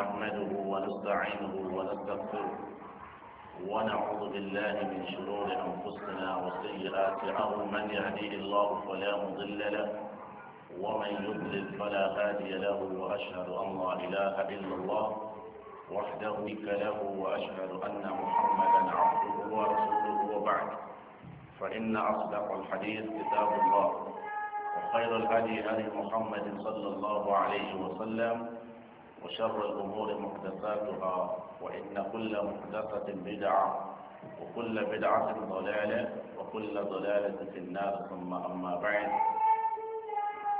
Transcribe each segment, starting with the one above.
نحمده ونستعينه ونستغفره ونعوذ بالله من شرور أنفسنا وسيئات من يهديه الله فلا مضل له ومن يضلل فلا هادي له وأشهد أن لا إله إلا الله وحده له وأشهد أن محمدا عبده ورسوله وبعد فإن أصدق الحديث كتاب الله وخير الهدي هدي محمد صلى الله عليه وسلم وشر الأمور محدثاتها وإن كل محدثة بدعة وكل بدعة ضلالة وكل ضلالة في النار ثم أما بعد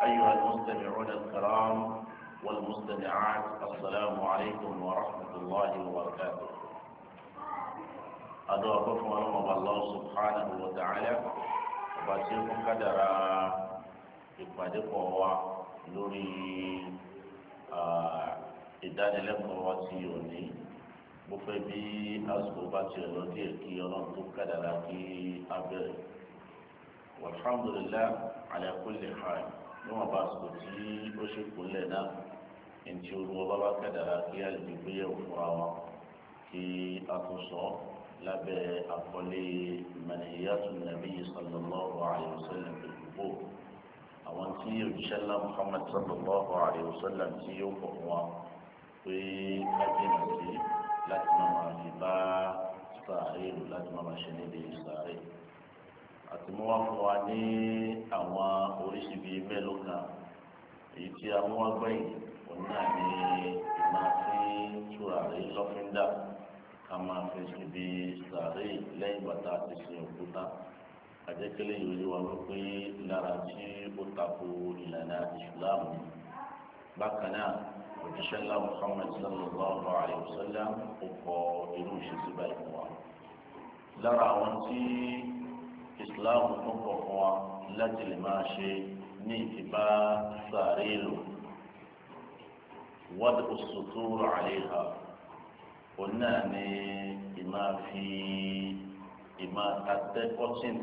أيها المستمعون الكرام والمستمعات السلام عليكم ورحمة الله وبركاته أدعوكم ورحمة الله سبحانه وتعالى وبسيكم قدر يقدقوا لوري آه ìdánilẹ́kọ̀ọ́ wa ti òní mo fẹ́ bí àsìkò bá ti lọ díẹ̀ kí ọlọ́run tó kádàrá kí á bẹ̀rẹ̀ walhamdulilayi ala kulli hal ní wọn bá àsìkò tí ó ṣe kúnlẹ̀ náà ẹnití olúwa bá bá kádàrá kí á lè gbé yẹ̀wò fúnra wọn kí a lábẹ́ àkọlé manhiyatu nabi sallallahu alayhi wa sallam ìdúgbò àwọn tí òjíṣẹ́ ńlá muhammad sallallahu alayhi wa sallam tí yóò kọ̀ fún pé ajínà sí láti máa máa fi bá sàárè lò láti máa máa ṣe níbi sàárè àti mú wá fún wa ní àwọn oríṣi bíi mélòó kan èyí tí a mú wá gbẹ̀yìn òun náà ni ìmọ̀ fi túràrí lọ́fíńdà ká máa fi síbi sàárè lẹ́yìn bàtà àti sin òkúta àjẹkẹlẹ yìí ló wà lára tí ó tako ìlànà ìsìláàmù bákan náà òjíṣẹ́ ńlá Muhammad sallallahu alayhi wa sallam kò kọ irú ìṣesí báyìí fún wa lára àwọn tí Islam tó kọ fún wa láti lè máa ṣe ní ìfipá sáré lò wọ́dù òṣùtúrò àléhà òun náà ni ìmá fi ìmá tatẹ́ kọ́tìn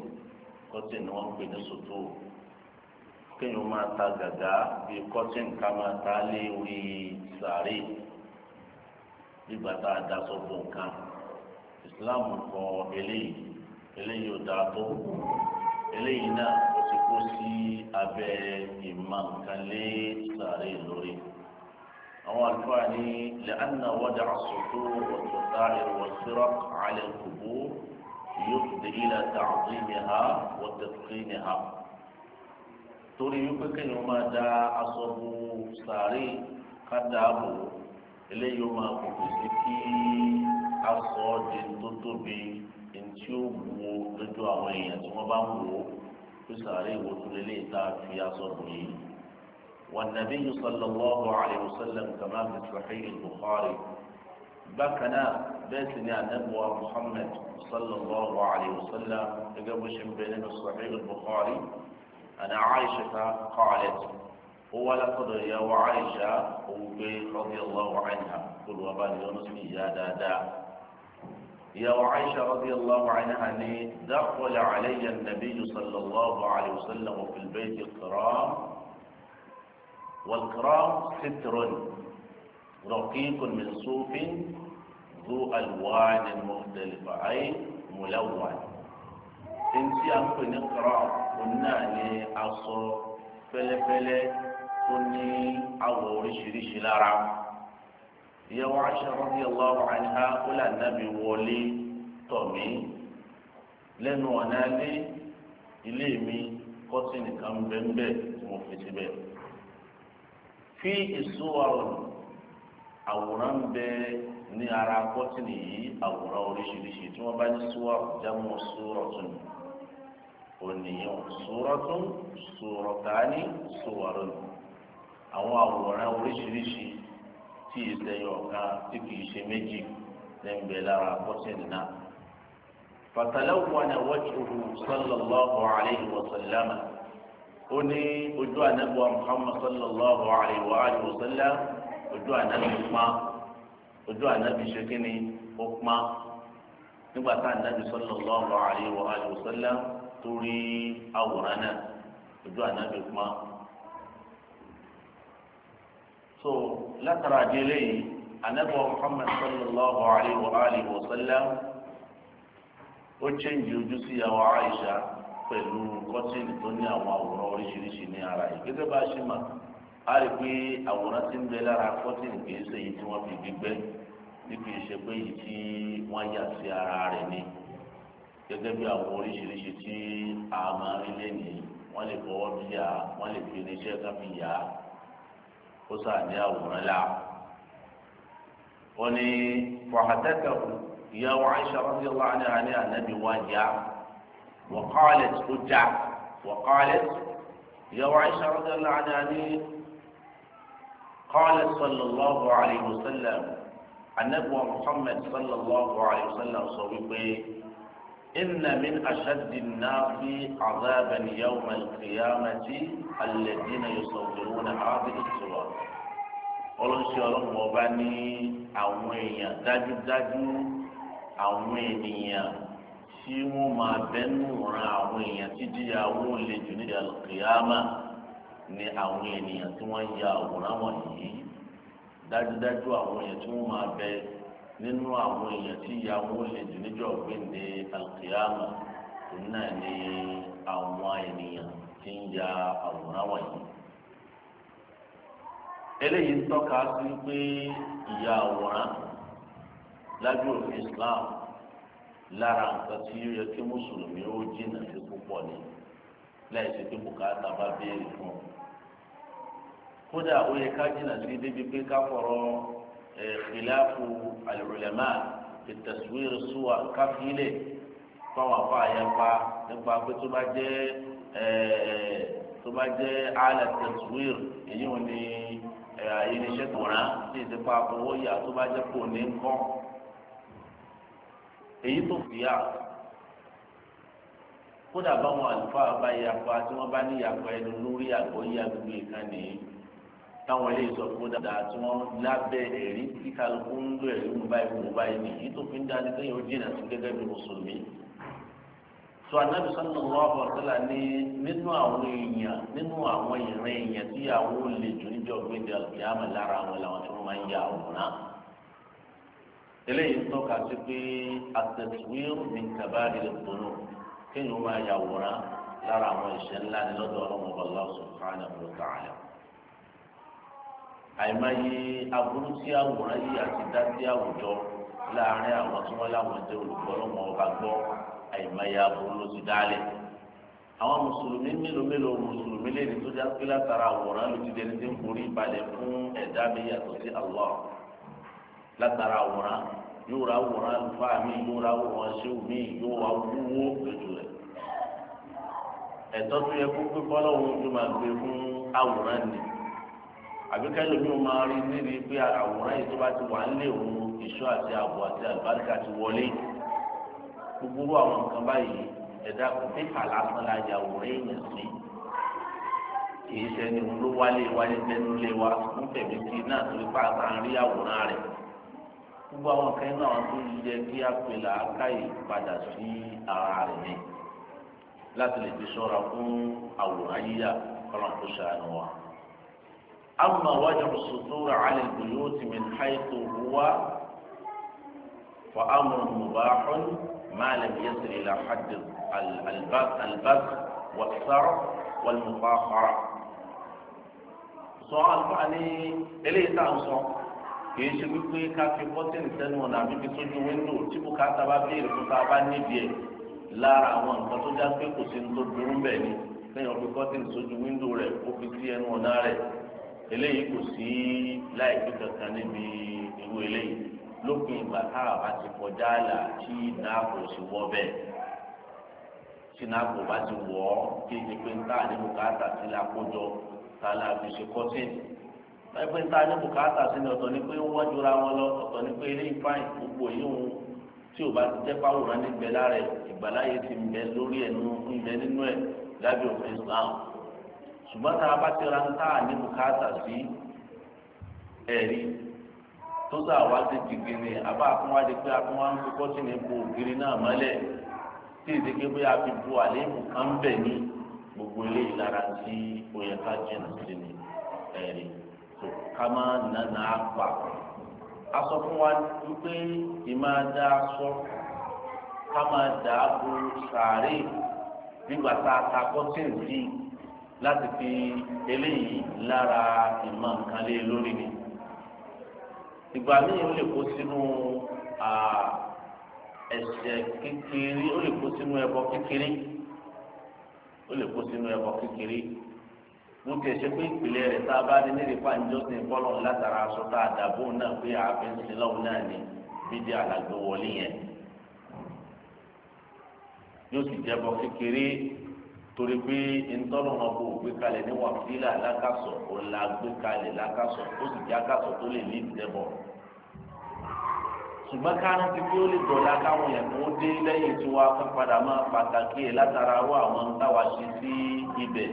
kọ́tìn ni wọ́n ń pè ní sòtúrò kéèyàn máa ta gàgá bíi kọ́tìn ká máa ta lé orí sàárè nígbà tá a daṣọ bò nǹkan ìsìláàmù kọ eléyìí eléyìí ò dáa tó eléyìí náà ó ti kó sí abẹ́ ìmọ̀ nǹkan lé sàárè lórí àwọn àlùfáà ní lẹ́hánà wọ́dà àsòtò wọ̀tọ̀tà ìrọ̀sírọ̀ àlẹ́ kòbó yóò fi dèjì la tààzí ni ha wọ́tẹ̀kì ni ha. torí wípé kéèyàn máa da aṣọ bu sàárè ká dáàbò eléyìí ó máa kò pèsè kí aṣọ di tó tóbi tí ó wo lójú àwọn èèyàn tí wọ́n bá ń wò ó tó sàárè wo tó lè lè ta fi aṣọ bò yìí. والنبي صلى الله عليه وسلم كما في صحيح البخاري بكنا بيتنا نبوة محمد صلى الله عليه وسلم إذا مش بين صحيح البخاري أن عائشة قالت هو لقد يا وعائشة أبي رضي الله عنها كل وبان يونس يا دادا يا وعائشة رضي الله عنها أني دخل علي النبي صلى الله عليه وسلم في البيت الكرام والكرام ستر رقيق من صوف ذو ألوان مختلفة أي ملون إنسي أنكو نقرأ òun náà ní aṣọ fẹ́lẹ́fẹ́lẹ́ tó ní àwọ̀ oríṣiríṣi lára ìyàwó Aisha radiyallahu anha ó là nàbí wọlé tọ̀ mí lẹ́nu ọ̀nà alẹ́ ilé mi kọ́sìnì kan bẹ́ẹ̀ tí mo fi síbẹ̀ fi ìṣúwà àwòrán bẹ́ẹ̀ ní ara kọ́tìnì yìí àwòrán oríṣiríṣi tí wọ́n bá ní súwà jámọ́ súwà ọ̀tún oníyàn sùrọ̀tún sùrọ̀tàní sùwárọ̀nù àwọn àwòrán oríṣiríṣi tí ìṣẹ̀yìn ọ̀kan tí kìí ṣe méjì lẹ́ńbẹ̀ lára pọ́sẹ̀lì náà. فتلون وجهه صلى الله عليه وسلم oni ojú anabi wa muhammad sallallahu alayhi wa alihi wa sallam ojú anabi kuma ojú anabi ṣe kíni ó kuma nígbà tá anabi sallallahu alayhi wa torí àwòrán náà ojú ànábì pọn so látara délé yìí ànábì muhammad sallallahu alayhi wa alihi wa sallam ó chẹ́ǹjì ojú sí àwọn àìsà pẹ̀lú kọ́tìnì tó ní àwọn àwòrán oríṣiríṣi ní ara yìí gẹ́gẹ́ bá a ṣe mọ̀ a rí pé àwòrán ti ń bẹ lára kọ́tìnì kì í ṣe èyí tí wọ́n fi gbígbẹ́ bí kì í ṣe pé èyí tí wọ́n yà sí ara rẹ̀ ni gẹ́gẹ́ bí àwọn oríṣiríṣi tí a máa rí lẹ́nìí wọ́n lè fọwọ́ bí yà wọ́n lè fi irinṣẹ́ ká fi yà kó sáà ní àwòrán la. wọ́n ní fàhàtẹ́kẹ̀ ìyàwó Aisha radiyallahu anha ní ànábì wá yá wa qalat tó já wa qalat ìyàwó Aisha radiyallahu anha ní qalat sallallahu alayhi wa sallam ànábì wa Muhammad sallallahu alayhi wa sallam sọ wípé inna من أشد الناس azaban يوم القيامة الذين yusawwiruna hadhihi as-suwar ọlọ́sẹ̀ ọlọ́mọ ọba ní àwọn èèyàn dájúdájú àwọn ènìyàn tí wọ́n máa bẹ́nu ran àwọn èèyàn títí àwọn olè jù ní alqiyama ni àwọn ènìyàn tí wọ́n ya àwòrán wọ̀nyí dájúdájú àwọn èèyàn tí wọ́n máa bẹ́ẹ̀ nínú àwọn èèyàn tí ìyàwó lè jù níjọ́ gbẹ̀ǹde alkiyama òun náà ni àwọn ènìyàn tí ń ya àwòrán wọ̀nyí. eléyìí ń tọ́ka sí pé ìyà àwòrán lájú òfin Islam lára nǹkan tí ó yẹ kí mùsùlùmí ó jìnnà sí púpọ̀ ni láì pé bùkátà bá béèrè fún un. kódà ó yẹ ká jìnnà sí débi pé ká fọ̀rọ̀ khilafu al-ulama fi taswir suwar káfílẹ̀ fáwọn afáàyànfà nípa pé tó bá jẹ́ tó bá jẹ́ ala taswir èyí wọn ni irinṣẹ́ tó rán sí ìdípa owó yà tó bá jẹ́ kó ní kọ́ èyí tó fìyà kódà báwọn àlùfáà bá yàgbá tí wọ́n bá ní yàgbá ẹnu lórí àgbọ̀yé agbègbè kan nìyí táwọn ilé ìsọ fún dáadáa tí wọ́n lábẹ́ ẹ̀rí tí kálukú ń lo ẹ̀rí mú báyìí mú báyìí nìyí tó fi ń dáa ní sẹ́yìn ó jìnnà sí gẹ́gẹ́ bí mùsùlùmí. sọ anábì sallallahu alaihi wasallam ní nínú àwọn èèyàn nínú àwọn ìran èèyàn tí àwọn olè jù níjọ gbẹdẹ àgbéyàmọ lára àwọn làwọn tí wọ́n máa ń ya àwòrán. eléyìí tọ́ka sí pé at-taswir min kabā'ir adh-dhunūb kéèyàn máa yàwòrán lára àwọn ìṣẹ̀ àìmáyé aburú sí àwòrán yìí àti dá sí àwùjọ láàrin àwọn tí wọ́n láwọn jẹ́ olùkọ́ ọlọ́mọ ọba gbọ́ àìmáyé aburú ló ti dálẹ̀ àwọn mùsùlùmí mélòó mélòó mùsùlùmí lè ní tó já pé látara àwòrán ló ti dẹni tí ń borí ìbalẹ̀ fún ẹ̀dá mi yàtọ̀ sí Allah látara àwòrán yóò ra àwòrán àlùfáà mi yóò ra àwòrán ṣéwù mi yóò wá wúwo lójú rẹ̀ ẹ̀tọ́ tó yẹ kó pé fọlọ́wọ́n tó máa gbé fún àwòrán nìyí àbíkẹ́ lómi ò máa rí níbi pé àwòrán yìí tó bá ti wà nílé òun ìṣọ́ àti ààbò àti àlùbáríkà ti wọlé gbogbo àwọn nǹkan báyìí ẹ̀dá pépà lásán la yà àwòrán èèyàn sí kì í ṣẹni òun ló wálé wálé lẹ́nu lé wa ń fẹ̀mí sí náà torí pàṣẹ à ń rí àwòrán rẹ̀ gbogbo àwọn kan náà wọn tó yẹ kí á pè làákàyè padà sí ara rẹ̀ ni láti lè fi ṣọ́ra fún àwòrán yíyà kọ́ńtà tó ṣàánú wa. أما وجب الصدور على البيوت من حيث هو فأمر مباح ما لم يصل إلى حد البذخ والصرف والمفاخرة سؤال àǹfààní eléyìí tá à ń sọ kìí ṣe wípé ká fi kọ́tìnì sẹ́nu ọ̀nà àbí fi sójú wíńdò tí kò ká sábà béèrè fún tá a níbi ẹ̀ lára àwọn nǹkan tó já pé kò sí ní tó dúró ń bẹ̀ ni lẹ́yìn ọ̀fi kọ́tìnì sójú wíńdò rẹ̀ ó fi sí ẹnu ọ̀nà rẹ̀ eléyìí kò sí láìpẹ́ kankan níbi ìwé eléyìí lópin ìgbà táwa bá ti kọjá àlà tí nàbò sì wọ bẹ́ẹ̀ tí nàbò bá ti wọ ọ kí ni pé ń tà ní bùkátà sí làkójọ tá a là fi ṣe kọ́tìn ẹgbẹ́ ta ní bùkátà sí ni ọ̀tọ̀ ni pé wọ́n jura wọn lọ ọ̀tọ̀ ni pé ilé ìfáìn gbogbo yìí ń tí o bá ti jẹ́ fáwòrán níbẹ̀ lára ẹ̀ ìgbàláyé ti ń bẹ lórí ẹ̀ ń bẹ nínú ẹ̀ lábẹ́ òfin Islam ṣùgbọ́n tá a bá ti ra ń tà ní bùkátà sí ẹ̀rí tó sà wá sí jìgìrì àbá àkún wá di pé àkún wá ń kókó sí ní bo ògiri náà mọ́lẹ̀ tí ìdíkè bóyá fi bu àléébù kan bẹ̀ ní gbogbo eléyìí lára tí ó ká jìnnà sí ni ẹ̀rí tó ká má nànà àpà aṣọ fún wa wípé ìmá dá aṣọ ká má dàá bu sàárè nígbà tá a ta kọ́tìn láti fi eléyìí lára ìmọ̀ nǹkan lé lórí ni ìgbà míì ó lè kó sínú ẹ̀ṣẹ̀ kékeré ó lè kó sínú ẹbọ kékeré ó lè kó sínú ẹbọ kékeré mo kì í ṣe pé ìpìlẹ̀ rẹ̀ tá a bá ní nílé pàǹjọ́sìn fọlọ́n látara aṣọ tá a dàbò náà pé ààfin sílọ́ọ̀ náà ni bídí àlàgbé wọlé yẹn yóò sì jẹ́ bọ kékeré torí pé ntọ́nà wọn bò gbé kalẹ̀ ní wàfíìlà lákàsọ̀ ọ̀la gbé kalẹ̀ lákàsọ̀ ó sì jẹ́ àkàsọ̀ tó lè ní ìdẹ́bọ̀ ṣùgbọ́n káàánú ti fi ó lè dọ̀la káwọn yẹn kó dé lẹ́yìn tí wọ́n á padà máa pàtàkì ẹ̀ látara rú àwọn ń táwa ṣe sí ibẹ̀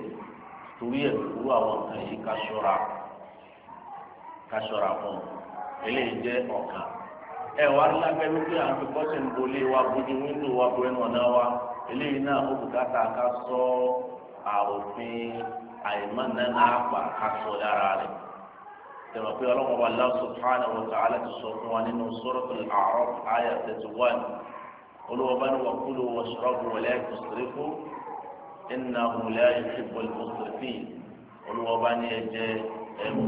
torí ẹ̀ rú àwọn kan yìí ká ṣọ́ra fún eléyìí jẹ́ ọ̀kan ẹ̀ wá lábẹ́ wípé à ń fi kọ́sìn bolé wa bójú wíńdò wa bu ẹnu ọ̀nà wa eléyìí náà ó kù káta ká sọ àròfin àìmọ́nà náà pa ká sọ lára rẹ̀ tẹ̀wọ̀ pé ọlọ́mọ wa Allah subhanahu wa ta'ala ti sọ fún wa nínú suratul A'raf àyà thirty one olówó bá ní wà kúlò wà sọ́ọ̀bù wọlé ìtòsírífò ẹnna wùlẹ̀ ìtìbọ̀ ìtòsírífì olówó bá ní ẹ̀jẹ̀ ẹ̀mú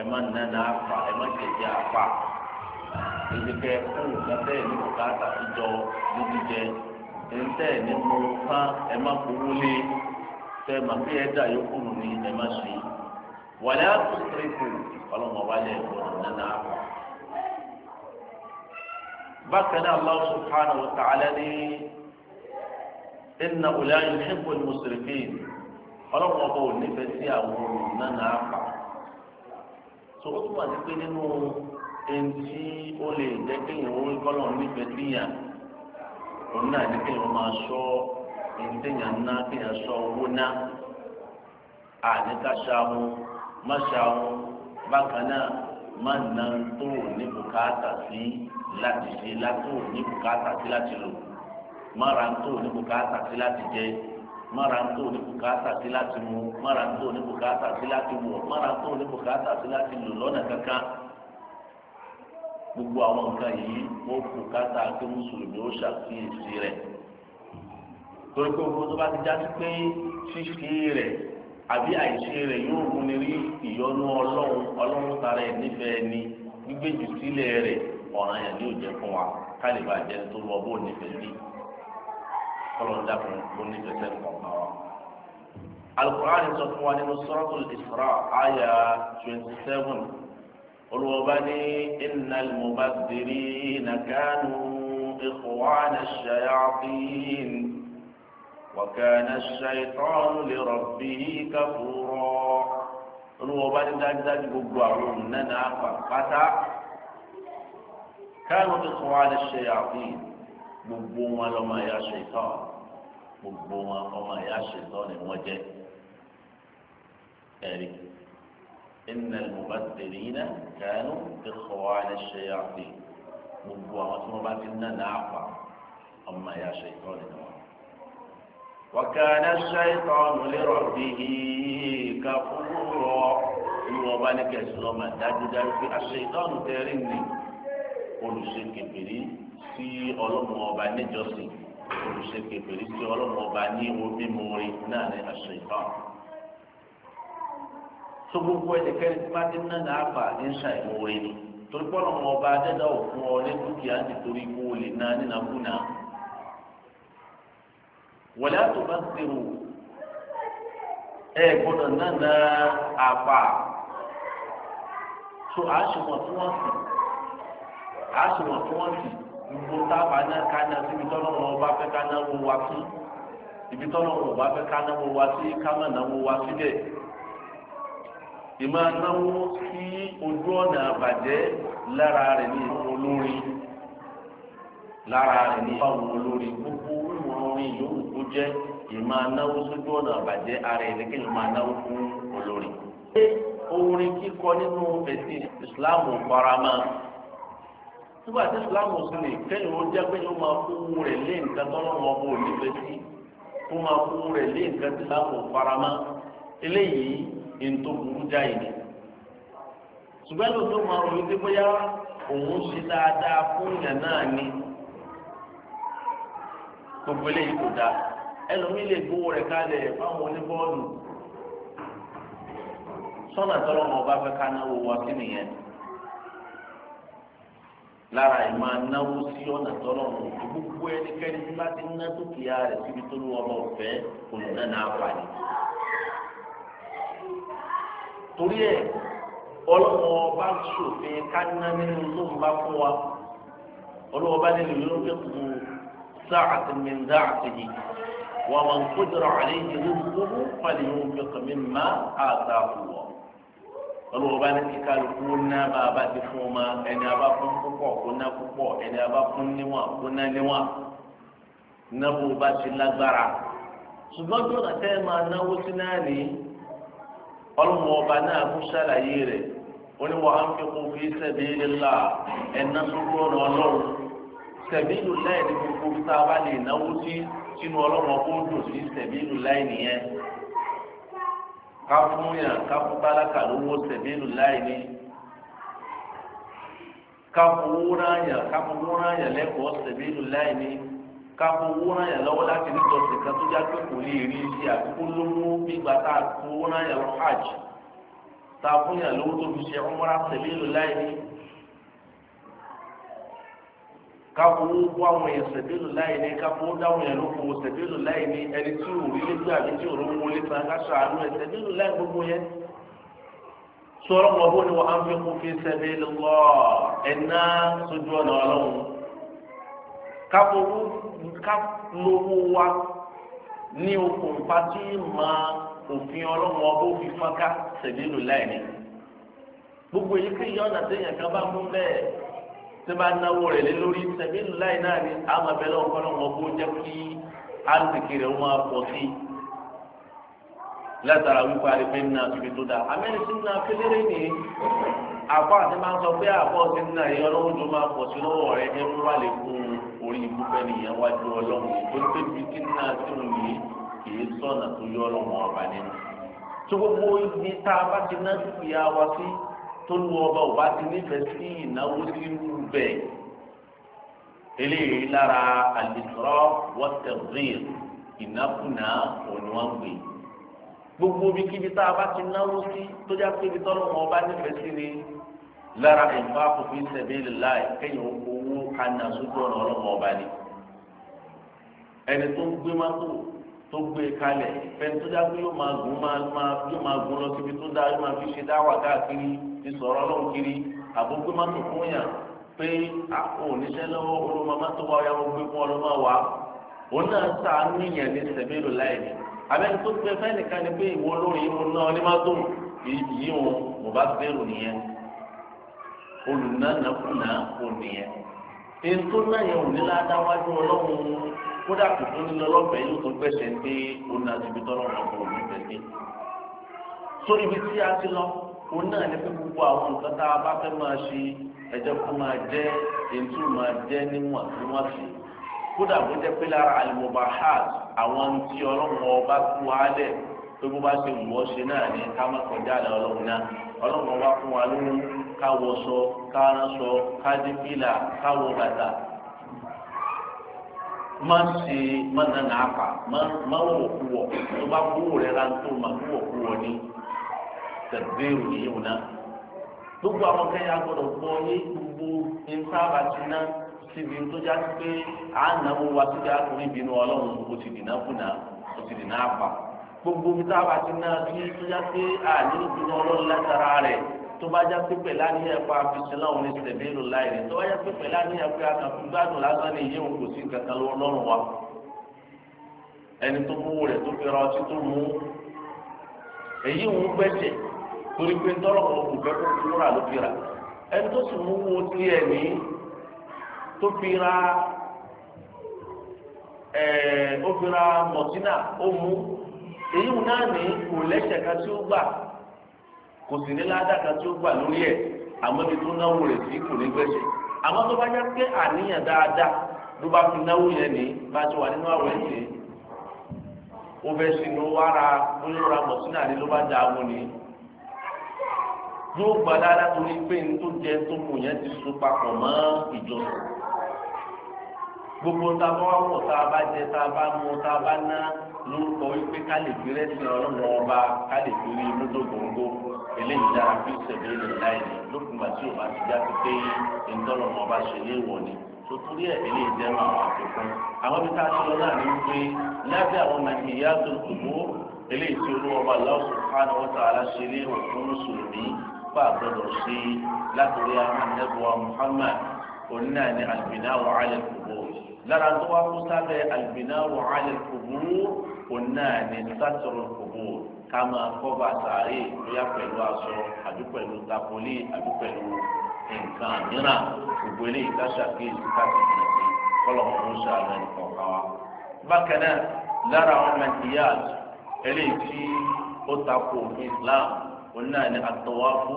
ẹ̀mọ́ nana apá ẹ̀mọ́ kẹ̀kẹ́ apá èdèkẹ́ fún ìgbàsẹ́ ìlú kàtà ìjọ níbi jẹ́ ẹ̀ńtẹ́ ẹ̀mí mú ká ẹ̀ má lé tẹ́ mà ẹ̀dá yòókù ní ẹ̀ má ṣe wàlẹ́ àtúntò kù ọlọ́mọ wálé ìgbọ̀nà nánà. bákan náà Allah subhanahu wa ní inna ulai yuhibbu al-musrifin ọlọ́mọ nífẹ̀ẹ́ sí àwọn tó pé nínú ó lè òun náà ní kéèyàn máa sọ ẹni téèyàn ná kéèyàn sọ owó ná àníká ṣàwọn má ṣàwọn bákan náà má na tó ní bùkátà sí láti ṣe látó ní bùkátà sí láti lò má ra tó ní bùkátà sí láti jẹ mara ń tó ní bùkátà sí láti mu mara ń tó ní bùkátà sí láti wọ̀ mara ń tó ní bùkátà sí láti lò lọ́nà kankan gbogbo àwọn nǹkan yìí ó kù káta pé mùsùlùmí ó ṣàkíyèsí rẹ̀ torí pé owó tó bá ti jáde pé ṣíṣe rẹ̀ àbí àìṣe rẹ̀ yóò múni rí ìyọnu ọlọ́run ọlọ́run tara ẹ̀ nífẹ̀ẹ́ ni gbígbé jù sílẹ̀ rẹ̀ ọ̀ràn yẹn ni ó jẹ́ fún wa ká lè bàa jẹ́ tó lọ bó nífẹ̀ẹ́ sí kọ́lọ́n dàkún bó nífẹ̀ẹ́ sẹ́nu kọ̀ọ̀kan wa. Al-Qur'an sọ fún wa nínú Suratul Isra àyà twenty seven olùwọ́ba ní iná lùmọ́ba bèrè nàkánú ìkọ̀wánà ṣayàfín wàkànà ṣayìtọ́nù lè rọ̀bì káfúrọ́ olùwọ́ba ní dájúdájú gbogbo àwọn ònànà pàpátá kánú ìkọ̀wánà ṣayàfín gbogbo wọn lọ́mọ ẹ̀yà ṣayìtọ́ gbogbo wọn ọmọ ẹ̀yà ṣayìtọ́ ni wọ́n jẹ́ ẹ̀rí. إن المبذرين كانوا إخوان الشياطين gbogbo àwọn tí wọn bá ti ná náà pa ọmọ ya ṣètọ́ nínú wọn. wọ́kàdá ṣètọ́ nulẹ̀rọ̀ bíi káfúrọ̀ ìwọ̀n bá ní kẹsì lọ́mọ dájúdájú pé àṣetọ́ nùtẹ́rì ni olùṣèkèbèrè sí ọlọ́mọ ọba níjọsìn olùṣèkèbèrè sí ọlọ́mọ ọba ní omi mọ́rin náà ní àṣetọ́ tó gbogbo ẹnikẹ́ni tí máa ti ná ní àbà ní ṣàìmọ̀wé ni torí ọba adẹ́dá òfin ọ dúkìá nítorí kó o na ná nínàkúnà. wọ̀lẹ́ àtọ̀bá ti rò ẹ gbọ́dọ̀ náà ná tó àṣùwọ̀n tí wọ́n sì àṣùwọ̀n tí sì gbogbo náà ká náà síbi tọ́nà ọba fẹ́ ká náà wọ wá sí ibi tọ́nà ọmọ ọba ìmọ̀ anáwó sí ojú ọ̀nà àbàjẹ́ lára rẹ̀ ní ìfún olórin lára rẹ̀ ní ìfún olórin gbogbo ìwọ̀n orin yòówù tó jẹ́ ìmọ̀ anáwó sójú ọ̀nà àbàjẹ́ ara ẹ̀ lẹ́kẹ́ ìmọ̀ anáwó fún olórin. ṣé orin kíkọ nínú ẹ̀sìn ìsìláàmù farama nígbà tí ìsìláàmù sì lè kẹ́yìn ó jẹ́ pé yóò máa kówó rẹ̀ lé nǹkan tọ́lọ́mọ ọkọ̀ òní fẹ́ sí kó máa kówó rẹ̀ lé nǹkan ìsìláàmù farama. eléyìí ètò burú jáì ni ṣùgbọ́n ló tó máa ròyìn pé bóyá òun ṣe dáadáa fún ìyàn náà ni gbogbo eléyìí kò dáa ẹlòmíì lè gbowó rẹ̀ kalẹ̀ fáwọn oníbọ́ọ̀lù sọ́nà tọ́lọ́ wọn fẹ́ ká náwó wa kí nìyẹn lára ẹ̀ máa náwó sí ọ̀nà tọ́lọ́ gbogbo ẹnikẹ́ni tí bá ti ná dúkìá rẹ̀ síbi tó ọ̀fẹ́ olùdáná àpàdé. torí ẹ̀ ọlọ́wọ́ bá ń ṣòfin káná nínú tó ń bá fún wa ọlọ́wọ́ bá nílò yóò fẹ́ kú sáàtì mẹ́ta àti yìí wà wọn kó jọrọ àlẹ́ yìí ló gbogbo falẹ̀ yóò fẹ́ kọ́ mi má àtà fún wa ọlọ́wọ́ bá ní kíkà ló kú ná bá a bá ti fún ọmọ ẹni a bá fún púpọ̀ kó ná púpọ̀ ẹni a bá fún níwọ̀n kó ná níwọ̀n náwó bá ti lágbára ṣùgbọ́n tó nà tẹ́ máa náwó sí náà nìyí ọlọ́run ọba náà mú ṣàlàyé rẹ̀ ó ní wọ́n á ń fi kún fi sabilillah ẹ̀ná sójú ọ̀nà ọlọ́run sabilillah ní gbogbo tá a bá lè náwó sí sínú ọlọ́run ọkọ̀ òdò sí sabilillah nìyẹn ká fún yàn ká bálákà lówó sabilillah ní ká fún wúrà yàn ká fún yàn lẹ́kọ̀ọ́ sabilillah ní ká fún owó ràn yàn lọ́wọ́ láti rí ìjọsìn kan tó já pé kò lè rí iṣẹ́ àdúgbò lówó gbígbà tá a fún owó ràn yàn lọ hajj tá a fún yàn lówó tó fi ṣe ọmọra tẹ̀lé lò láì ní ká fún owó kó àwọn èèyàn tẹ̀lé lò láì ní ká owó dáwọn èèyàn ló fowó tẹ̀lé lò láì ní ẹni tí ò rí lé gbàgbé tí ò rówó lé san ká ṣàánú ẹ tẹ̀lé lò láì gbogbo yẹn sọ̀rọ̀ wọn bó ni wọ́n á fi kó fi sẹ́mi lọ́ọ́ ẹ̀ ná sójú ọ̀nà ká lówó wa ní okùnfà tí ma òfin ọlọ́wọ́ ó fi fọ́nká sẹ̀dínlù láìní. gbogbo yìí kí yọ̀nà téèyàn kan bá mú bẹ́ẹ̀ tí bá náwó rẹ̀ lé lórí sẹ̀dínlù láì náà ni àwọn ọ̀pọ̀lọpọ̀ jẹ́ kí rẹ̀ wọ́n á pọ̀ sí i látara wípé dáa amẹ́rin àbá àti máa ń sọ pé àbọ̀ ti ń nà yọ lọ́wọ́ tó máa pọ̀ sí lọ́wọ́ rẹ jẹ́ wíwá lè fún orí ìbúfẹ́ nìyẹn wájú ọlọ́run tó ń tẹ́bi tí ń nà sí òun yìí kì í sọ̀nà tó yọ ọlọ́run ọba nínú. tó gbogbo ibi tá a bá ti ná dúkìá wa sí tó lu ọba ò bá ti nífẹ̀ẹ́ sí ìnáwó sí irú bẹ́ẹ̀. eléyìí lára àlìsọ́rọ́ wọ́tẹ̀rìn ìnákùná òní gbogbo ibi kíbi tá a bá ti náwó sí tó já pé ibi tọ́lọ́run ọba nífẹ̀ẹ́ sí ni lára ìfáàkù fi sabilillah kéèyàn owó kaná sójú ọ̀nà ọlọ́mọ ọba ni ẹni tó ń gbé mọ́tò tó gbé e kalẹ̀ fẹ́ni tó dágbé yóò máa gùn yóò máa gùn lọ síbi tó dáa yóò máa fi ṣe dáwà káàkiri ti sọ̀rọ̀ ọlọ́run kiri àbó gbé mọ́tò fún yàn pé àpò oníṣẹ́ lọ́wọ́ olóma mọ́tò wa yàwó gbé fún ọlọ́mọ wa òun náà sá níyàn ní sẹ̀bẹ́lò láì ní abẹ́ni tó gbé fẹ́nìkan ni pé ìwọ olùnánàkúnà ònìyẹn ètò náà yẹn ò ní ládáwájú ọlọ́run kódà kò tún nílò ọlọ́fẹ̀ẹ́ yóò tó gbẹ̀sẹ̀ ń dé òun àti ibi tọ́lọ́ ọ̀pọ̀ òun ibi tí a ti lọ òun náà ní pé gbogbo àwọn nǹkan tá a bá fẹ́ máa ṣe ẹ̀jẹ̀ kó máa jẹ́ ètò máa jẹ́ níwọ̀n tí wọ́n ṣe kódà bó jẹ́ pé lára àlùmọ̀bà hàt àwọn tí ọlọ́run ọba kú wa lẹ̀ pé bó bá ṣe wù ọ́ ṣe náà ní ká má kọjá àlọ́ náà ọlọ́run ọba fún wa lóhun káwọṣọ káránṣọ kádìpìlà káwọ bàtà má ṣe má nana àpà má wọ̀ kú wọ̀ tó bá kú wọ̀ rẹ̀ la tó má kú wọ̀ kú wọ̀ ni tẹ̀gbẹ́rù yìí wọn náà gbogbo àwọn kẹ́yà gbọ́dọ̀ gbọ́ ní gbogbo nsáàbà tí ná síbi tó já sí pé à ń náwó wa síbi àkùnrin ìbínú ọlọ́run o ti dìná kùnà o ti dìná àpà gbogbo nsáàbà tí ná bí tó já sí à ní ìbínú ọlọ́run látara rẹ̀ tó bá já pípẹ́ láàyè ẹ̀kọ́ àfisìlá òun ní sẹ̀mílù láì ní tó bá já pípẹ́ láàyè ẹ̀kọ́ àkàtún gbádùn lásán ní iye òun kò sí kankan lọ́rùn wa ẹni tó mú rẹ̀ tó fi ra ọtí tó mú èyí òun gbẹ̀jẹ̀ torí pé tọ́lọ̀ òun fẹ́ kó fún rà ló fi rà ẹni tó sì mú wo ti ẹ̀ ní tó fi ra ẹ̀ẹ́ ó fi ra mọ̀tínà ó mú èyí òun náà ní kò lẹ́sẹ̀ kan tí ó gbà kò sì ní ládàkà tí ó gbà lórí ẹ̀ àmọ́ ibi tó náwó rẹ̀ sí kò ní gbẹ̀ṣẹ̀ àmọ́ tó bá yá pé àníyàn dáadáa ló bá fi náwó yẹn ní bá ti wà nínú àwẹ̀ ṣe ó fẹ́ sinú wára olóra mọ̀sínà ni ló bá dà á mú ni yóò gbà dáadáa torí pé ní tó jẹ tó mú yẹn ti so papọ̀ mọ́ ìjọsìn gbogbo ta bá wà wọ̀ tá bá jẹ tá bá mu tá bá ná lórúkọ wípé ká lè fi rẹ́sìn ọlọ́run ọba ká lè fi rí inú tó gbòǹgbò eléyìí dára fi sẹ̀dẹ̀ lè láì ní lókùnbà tí o bá ti já sí pé ìtọ́lọ̀ wọn bá ṣe lé wọ̀ ni tó torí ẹ̀ eléyìí jẹ́ mọ́ àwọn àfikún. àwọn ibi tá a ti lọ náà ni wípé lábẹ́ àwọn màkìyà tó tòmó eléyìí tí olówó ọba Allah subhanahu wa ta'ala ṣe lé wọ̀ fún mùsùlùmí bá a gbọdọ̀ ṣe látòrí àwọn Muhammad oníná ni albináwó alẹ́ lára tó wá kó sábẹ́ albináwó alẹ́ kòbó oníná ni sátìrò ká máa kọ́ba sàárè bóyá pẹ̀lú aṣọ àbí pẹ̀lú tapolí àbí pẹ̀lú nǹkan mìíràn gbogbo eléyìí ká ṣàkíyèsí ká sì jìnnà sí kọ́lọ̀mù tó ṣàánú ẹnìkan ká wa. bákan náà lára àwọn nàìjíríà eléyìí tí ó takò òfin Islam òun náà ni àtọwáfù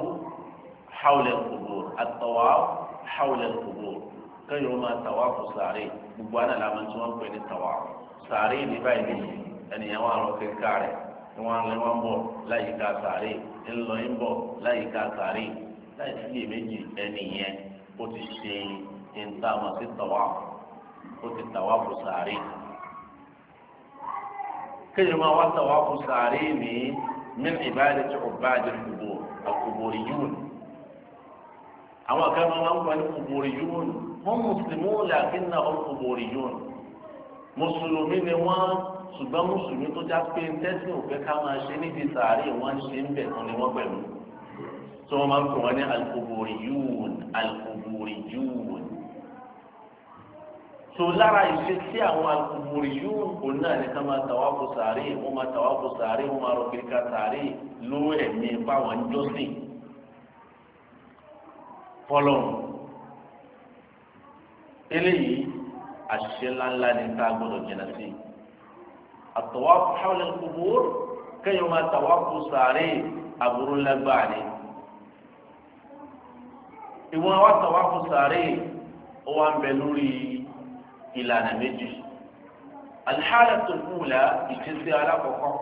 hawlẹ̀ kubur àtọwáfù hawlẹ̀ kubur kẹ́yìn ó máa tàwáfù sàárè gbogbo àná tí wọ́n pè ní tàwáfù sàárè ní báyìí ẹnìyàn wà lọ kékeré ni wọn lọ wọn bọ láyìíká sàárè ńlọ ń bọ láyìíká sàárè láì sí iyèméjì ẹni yẹn ó ti ṣe ìta wọn sí tọwá ó ti tàwá kù sàárè kéèyàn máa wá tàwá kù sàárè ní min ibadati ubadi al-qubur al-quburiyun àwọn kan máa ń pè ní quburiyun hum muslimun lakinnahum quburiyun mùsùlùmí ni wọ́n ṣùgbọ́n mùsùlùmí tó já pé tẹ́sí òfẹ́ ká máa ṣe níbi sàárè wọ́n ṣe ń bẹ̀ tán ni wọ́n pẹ̀lú tí wọ́n máa ń pè wọ́n ní alukobori yúùn alukobori yúùn. tó lára ìṣe sí àwọn alukobori yúùn kò náà ní ká máa tàwa kó sàárè wọ́n máa tàwa kó sàárè wọ́n máa rọ kiri ká sàárè ló ẹ̀mí báwọn ń jọ́sìn fọlọ́ eléyìí àṣìṣe ńláńlá ni tá a gbọ́dọ̀ jẹ́ náà sí i àtọwáfù hàwùlẹ kúbúr kẹyìn máa tàwáfù sàárè àbúrò lágbàá ni ìwọn wa tàwáfù sàárè ó wà ń bẹ lórí ìlànà méjì alḥalatu kúlà ìṣesí alákọ̀ọ́kọ́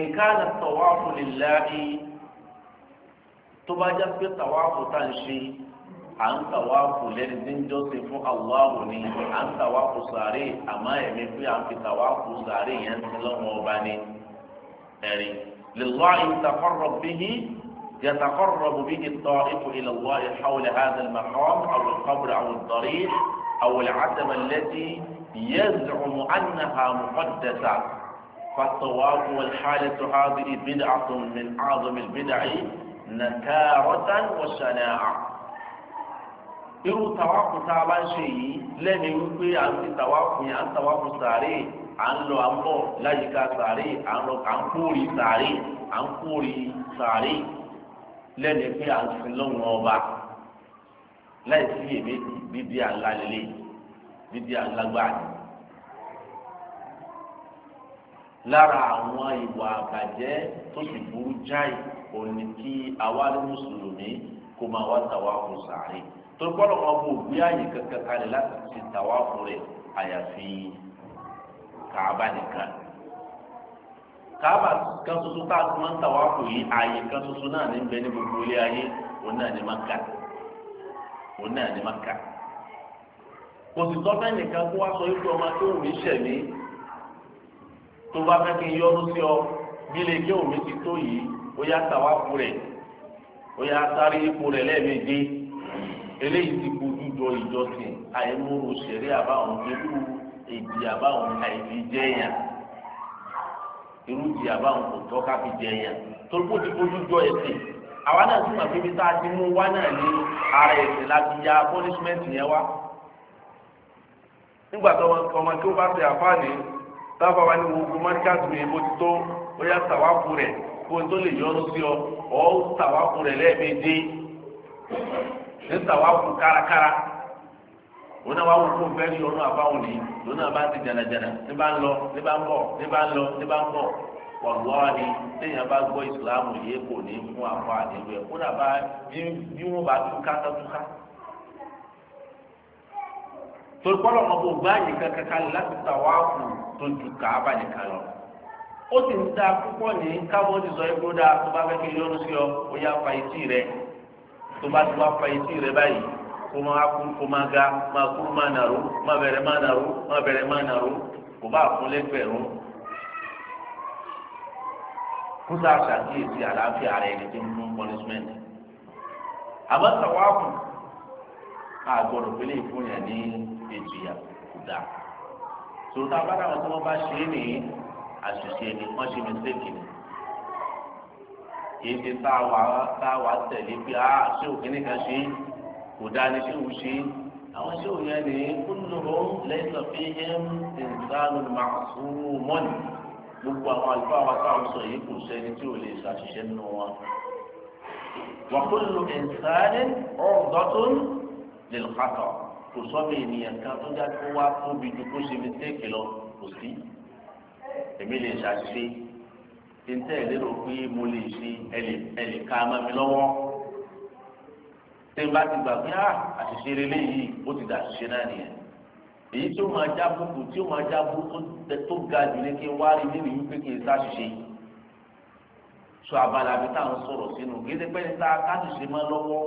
nǹkan tàwáfù lillahi tó bá jẹ́ pé tàwáfù tá à ṣe à ń tàwáàfù lẹ́ni tí ń jọ́sìn fún Allahu ni à ń tàwáàfù sàárè àmọ́ ẹ̀mí pé à ń fi tàwáàfù sàárè yẹn ti lọ́wọ́ ọba ni ẹ̀rí lillahi yataqarrabu bihi yataqarrabu bihi at-ta'ifu ila Allahi hawla hadha al-maqam aw al-qabr aw ad-darih aw al-'atama allati يزعم أنها مقدسة فالطواف والحالة هذه بدعة من أعظم البدع نكارة وشناعة irú tàwákù tá a bá ń ṣe yìí lẹ́ni wípé à ń fi tàwákù yẹn à ń tàwákù sàárè à ń lọ àmọ́ láyìíká sàárè à ń lọ à ń kórè sàárè à ń kórè sàárè lẹ́ni pé à ń fi lọ́wọ́ ọba láì sí èméjì bíbí àlá bíbí àlá lára àwọn ìwà àbàjẹ́ tó sì burú jáì òní kí àwa mùsùlùmí kó máa wá tàwákù sàárè tó gbọ́dọ̀ wọn bò bí àyè kankan kalẹ̀ láti ṣe tàwáàfù rẹ̀ àyàfi kàába nìkan kàába kan ṣoṣo tá a ti máa ń tàwáàfù yìí àyè kan ṣoṣo náà ní bẹ ní gbogbo ilé ayé òun náà ní Mákà òun náà ní Mákà kò sì tọ́ fẹ́ẹ́ nìkan kó wá sọ wípé ọmọ tó wù mí ṣẹ̀mí tó bá fẹ́ kí n yọ́nú sí ọ bí lè kí òun mi ti tó yìí ó yá tàwáàfù rẹ̀ ó yá sáré ipò rẹ̀ lẹ́ẹ̀mejì eléyìí ti gbójú jọ ìjọsìn àìmúrò ṣẹlẹ àbáwọn irú èdè àbáwọn àìfi jẹyàn irú èdè àbáwọn kò tọ́ ká fi jẹyàn torí kó ti gbójú jọ ẹsẹ̀ àwa náà tún àfi ibi tá a ti mú wá náà ní ara ẹsẹ̀ láti ya punishment yẹn wá nígbà tó ọmọ tí ó bá ṣe àfáàní táwọn bá ní gbogbo mọ́ríkàtì mi bó ti tó ó yá tàwákù kó o tó lè yọ ọ́ sí ọ ọ́ tàwákù rẹ̀ nígbà wà kú kárakára wọn náà wà wọn kó fẹ́ yọ ọ́nà àbáwọn ni lọ náà bá ti jànàjànà ní bá ń lọ ní bá ń bọ̀ ní bá ń lọ ní bá ń bọ̀ wàlúwàní téèyàn bá gbọ́ ìsìláàmù yìí kò ní fún àwọn àdéhùn ẹ̀ kódà bá bí wọ́n bá túká tọ́túká. torí pọ́lọ́ ọmọ bò báyìí kankan kan láti ta wá kù tó ju kàába nìkan lọ. ó sì ń ta púpọ̀ ní káwọn sọ ikú tó bá fẹ́ kí lóyún sí ọ ó yá fa etí rẹ̀ tó bá ti wá fa etí rẹ báyìí kó máa kú kó máa ga máa kú máa nàró máa bẹ̀rẹ̀ máa nàró máa bẹ̀rẹ̀ máa nàró kò bá fún lẹ́gbẹ̀rún kó sáà ṣàkíyèsí àlàáfíà rẹ ní tí ń fún punishment àmọ́ sàwáàbù àgbọ̀dọ̀ pélé fún yẹn ní ìjìyà kò dáa sòtá bá dáhùn tí wọ́n bá ṣe é nìyí àṣìṣe ni wọ́n ṣe mistake ni kìí ṣe táwa táwa tẹ̀lé pé a ah, ṣé òkìní kan ṣe kò dáa ní ṣé òun ṣe àwọn ṣé òun yẹn ní kúndùnú lẹ́yìn fi ẹ̀m ìdánù màṣúrù mọ́nì gbogbo àwọn àlùfáà wa táwọn sọ yìí kò sẹ́ni tí ò lè ṣàṣìṣe nínú wọn. wàkúlù ìsáré ọ̀dọ́tún lè pàtọ́ kò sọ́mi ènìyàn kan tó já tó wá tóbi ju kó ṣe mi tẹ́kì lọ kò sí èmi lè ṣàṣìṣe ṣe ń tẹ̀lé rò pé mo lè ṣe ẹ̀lẹ̀ ká mọ́ mi lọ́wọ́ ṣé n bá ti gbà pé ah, àṣìṣe rere yìí ó ti dà ṣiṣẹ́ náà nìyẹn èyí tí ó máa já bùkù tí ó máa já bùkù tó ga jù ní kí n wá rí níbi wípé kí n ṣàṣìṣe sọ abala bí táwọn sọ̀rọ̀ sínú kí ẹsẹ̀ pẹ́ni tá a káṣìṣe máa lọ́wọ́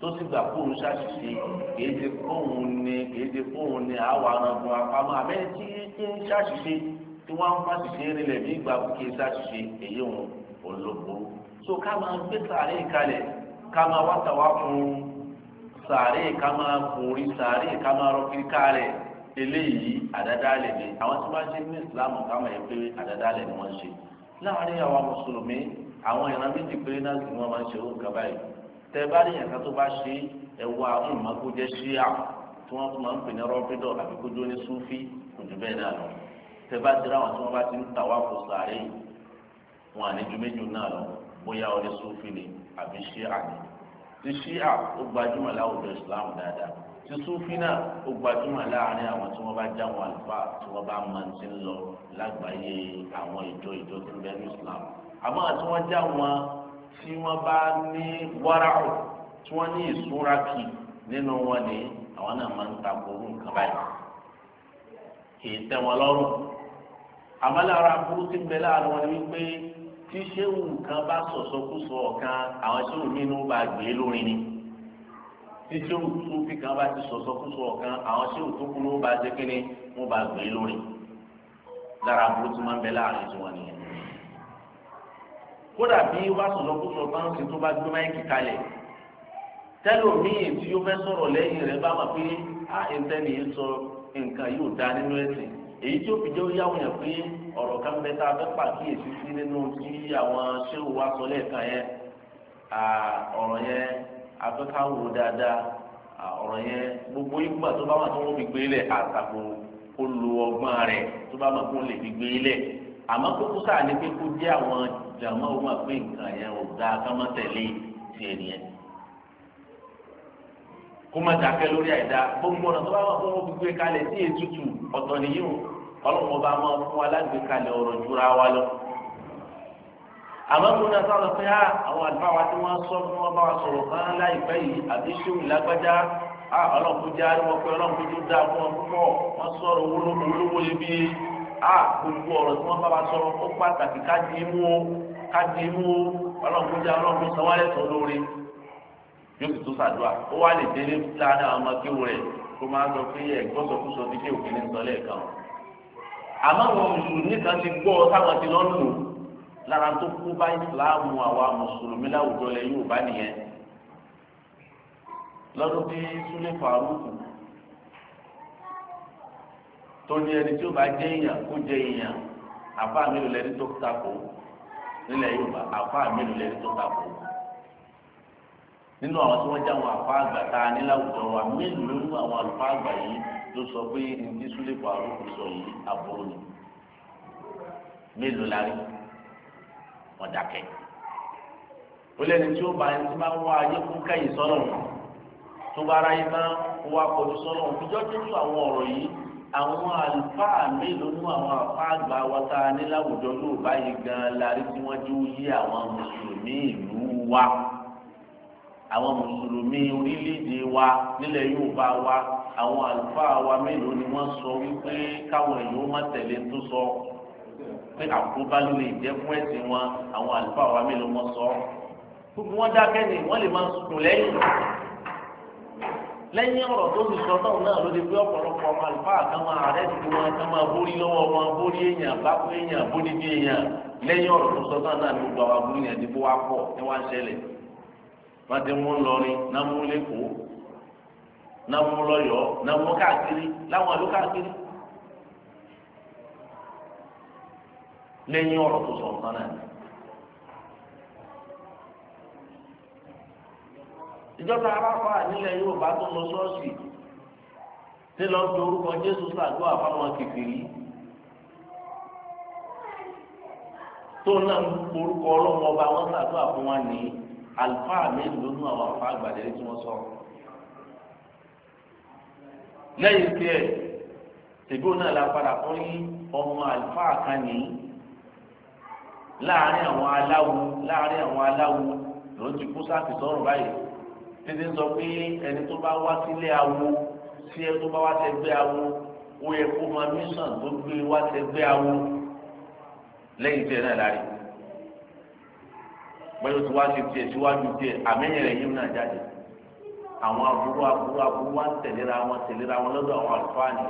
tó sì gbà kóun ṣàṣìṣe kì í ṣe kóun ni kì í ṣe kóun ni àwọn arangun apamọ́ àbẹ́ni tí ń ṣàṣìṣe tí wọ́n á ń fa ṣiṣẹ́ rinlẹ̀ ní ìgbà kí sá èyí òun olóko so ká máa gbé sàárè kalẹ̀ ká máa wá tàwa fún sàárè ká máa borí sàárè ká máa rọ kiri kalẹ̀ eléyìí àdádálẹ̀ ni àwọn tí wọ́n ṣe ní ìsìlámù ká máa yẹ pé àdádálẹ̀ ni wọ́n ṣe láàárín àwọn mùsùlùmí àwọn ìran méjì péré náà sì wọ́n máa ń ṣe owó nǹkan báyìí tẹ bá rí yẹn tó bá ṣe ẹwà ọmọ kó jẹ ṣíà tí wọ́n máa ń pè ní rọbìdọ àbí kó jó ní súfì kò jù bẹ́ẹ̀ náà lọ tẹ́bá dira wọn tí wọ́n bá ti ń tàwa kò sàárè wọn àníjú méjì náà lọ bóyá ọdẹ sófin ni àbí ṣíà ni ti ṣíà ó gbajúmọ̀ láwùjọ ìsìláàmù dáadáa ti sófin náà ó gbajúmọ̀ láàrin àwọn tí wọ́n bá já wọn àlùfáà tí wọ́n bá máa ti ń lọ lágbàáyé àwọn ìjọ ìjọ tó ń bẹ ní ìsìláàmù àmọ́ àti wọ́n já wọn tí wọ́n bá ní wáràù tí wọ́n ní ìsúnra nínú wọn ni àwọn náà máa ń ta kóró nǹkan kì í tẹ́ wọn lọ́rùn àmọ́ lára burú ti ń bẹ láàrin wọn ni wípé tí sẹ́wù kan bá sọ̀sọ́kùsọ ọ̀kan àwọn sẹ́wù nínú bá gbé lórí ni tí sẹ́wù tó fi kan bá ti sọ̀sọ́kùsọ ọ̀kan àwọn sẹ́wù tó kú ló bá jẹ́ kínní wọ́n bá gbé lórí lára burú ti máa ń bẹ láàrin tiwọn nìyẹn kódà bí wàá sọ̀sọ́kùsọ báńkì tó bá gbé máìkì kalẹ̀ tẹlomiin tí yóò fẹ́ sọ̀rọ̀ lẹ́yìn rẹ̀ bá wà pé ah, èyí tí ó fi jẹ́ ó yáwó yẹn pé ọ̀rọ̀ kan bẹ tá a fẹ́ pàkíyèsí sí nínú tí àwọn ṣéwù wa sọ lẹ́ẹ̀kan yẹn ọ̀rọ̀ yẹn afẹ́ká wò dáadáa ọ̀rọ̀ yẹn gbogbo ìgbà tó bá wà tó wọ́n fi gbé lẹ̀ àtàkù kó lo ọgbọ́n rẹ̀ tó bá máa kó lè fi gbé lẹ̀ àmọ́ kókó sáà ní pé kó jẹ́ àwọn jàmọ́ òun àpé nǹkan yẹn ò dáa ká tiẹ̀ nìyẹn kó má dàkẹ́ lórí àìdá gbogbo ọ̀nà tó bá wà fún gbogbo ìkàlẹ̀ sí ètùtù ọ̀tọ̀ nìyíwò ọlọ́run ọba máa fún wa lágbèékalẹ̀ ọ̀rọ̀ jura wa lọ. àmọ́ mo náà sọ̀rọ̀ pé á àwọn àlùfáà wa tí wọ́n sọ fún wọn bá wa sọ̀rọ̀ kan láìpẹ́ yìí àbí ṣéwù lágbájá á ọlọ́run já wọn pé ọlọ́run tó fún wọn púpọ̀ wọ́n sọ̀rọ̀ olówó lebi á gbogbo ọ̀rọ̀ tí wọ́n bá wa sọ̀rọ̀ ó pàtàkì ká di imú ó ká di imú ó ọlọ́run já yóò fi tó sàdúrà ó wá lè délé ládàá ọmọ kéwù rẹ̀ kó máa sọ pé ẹ gbọ́dọ̀ kó sọ ti kéwù kí ní sọ lẹ́ẹ̀kan àmọ́ àwọn mùsùlùmí kan ti gbọ́ táwọn ti lọ́nù lára tó kú bá ìsìláàmù àwa mùsùlùmí láwùjọ lẹ yóò bá nìyẹn lọ́dún tí súlẹ̀ fàrúkù tó ní ẹni tí ó bá jẹ́ èèyàn kó jẹ́ èèyàn àfa mi ò tó takò nílẹ̀ Yorùbá àfa mi ò lẹ́ni tó takò nínú àwọn tí wọ́n já àwọn àfa àgbà tá a wa mélòó nínú àwọn àlùfáà àgbà yìí ló sọ pé ní súlẹ̀ pàrọ̀ kò sọ yìí àbúrò ni mélòó la rí wọ́n dákẹ́ ó lẹ́ni tí ó bá ẹni tí máa ń wá ayé fún kẹ́yìn sọ́nà wọn tó bá ara yìí máa ń wá kọjú sọ́nà wọn kújọ́ tó tú àwọn ọ̀rọ̀ yìí àwọn àlùfáà mélòó nínú àwọn àfa àgbà wa tá a ní báyìí gan-an àwọn mùsùlùmí orílẹ̀-èdè wa nílẹ̀ Yorùbá wa àwọn àlùfáà wa mélòó ni wọ́n sọ wípé káwọn èèyàn má tẹ̀lé tó sọ pé àkóbá ló lè jẹ́ fún ẹ̀sìn wọn àwọn àlùfáà wa mélòó wọ́n sọ. gbogbo wọn dákẹ́ ni wọ́n lè máa sùn lẹ́yìn lẹ́yìn ọ̀rọ̀ tó ti sọ náà náà ló di pé ọ̀pọ̀lọpọ̀ ọmọ àlùfáà kan máa rẹ̀ ti wọn kan máa bórí lọ́wọ́ wọn bórí èèyàn bákú èèyàn bódìdí èèyàn lẹ́yìn ọ̀rọ̀ tó sọ náà náà ló gba wa bórí yẹn di bó wa pọ̀ ní wá ṣẹlẹ̀. wọn ti mú lọrin náà mú lẹkọọ náà na lọyọọ náà mú káàkiri tó sọ nǹkan náà. ìjọba aráfà nílẹ̀ Yorùbá tó lọ ṣọ́ọ̀ṣì tí lọ́ọ́ fi orúkọ Jésù tó náà orúkọ wọn nìyí. àlùfáà mélòó ló nú àwọn àlùfáà àgbàdé tí wọ́n sọ. lẹ́yìn tí ẹ̀ tèbó náà la padà fún yín ọmọ àlùfáà kan nìyí láàárín àwọn aláwo láàárín àwọn aláwo ló ti kú sáàkì sọ̀rọ̀ báyìí títí sọ pé ẹni tó bá wá sílé awo tí ẹni tó bá wá tẹgbẹ́ awo ó yẹ kó máa mísàn tó gbé wá tẹgbẹ́ awo lẹ́yìn tí ẹ̀ náà lárí bẹ́ẹ̀ tí wàá ṣe tiẹ̀ síwájú tiẹ̀ àmẹ́yìn rẹ̀ yìí náà jáde àwọn aburú aburú aburú wa ń tẹ̀léra wọn tẹ̀léra wọn lọ́dọ̀ àwọn àlùfáà ni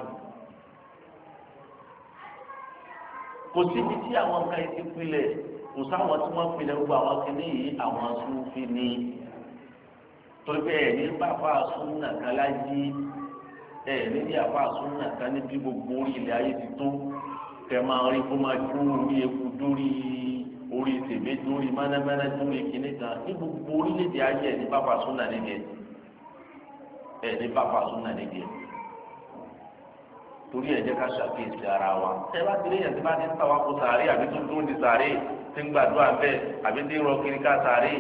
kò síbi tí àwọn nǹkan yìí ti pilẹ̀ kò sáwọn tí wọ́n pilẹ̀ gbogbo àwọn kìíní yìí àwọn sunfi ni torí pé ẹ̀ ní bàbá sunna kan láyé ẹ̀ ní bí bàbá sunna kan níbi gbogbo orí ilẹ̀ ayé ti tó kẹ́ máa rí kó máa dúró orí orí tèmé dórí mẹ́nẹ́mẹ́nẹ́ dórí kìíní kan ní gbogbo orílẹ̀-èdè ayé ẹ̀ ní bàbá súnà nìyẹn ẹ̀ ní bàbá súnà nìyẹn torí ẹ̀ jẹ́ ká ṣàkíyèsí ara wa ẹ bá ti léyìn tí bá ti ń tàwa kó sàárè àbí tó dún ní sàárè tí ń gbàdúrà bẹ́ẹ̀ àbí tí ń rọ kiri ká sàárè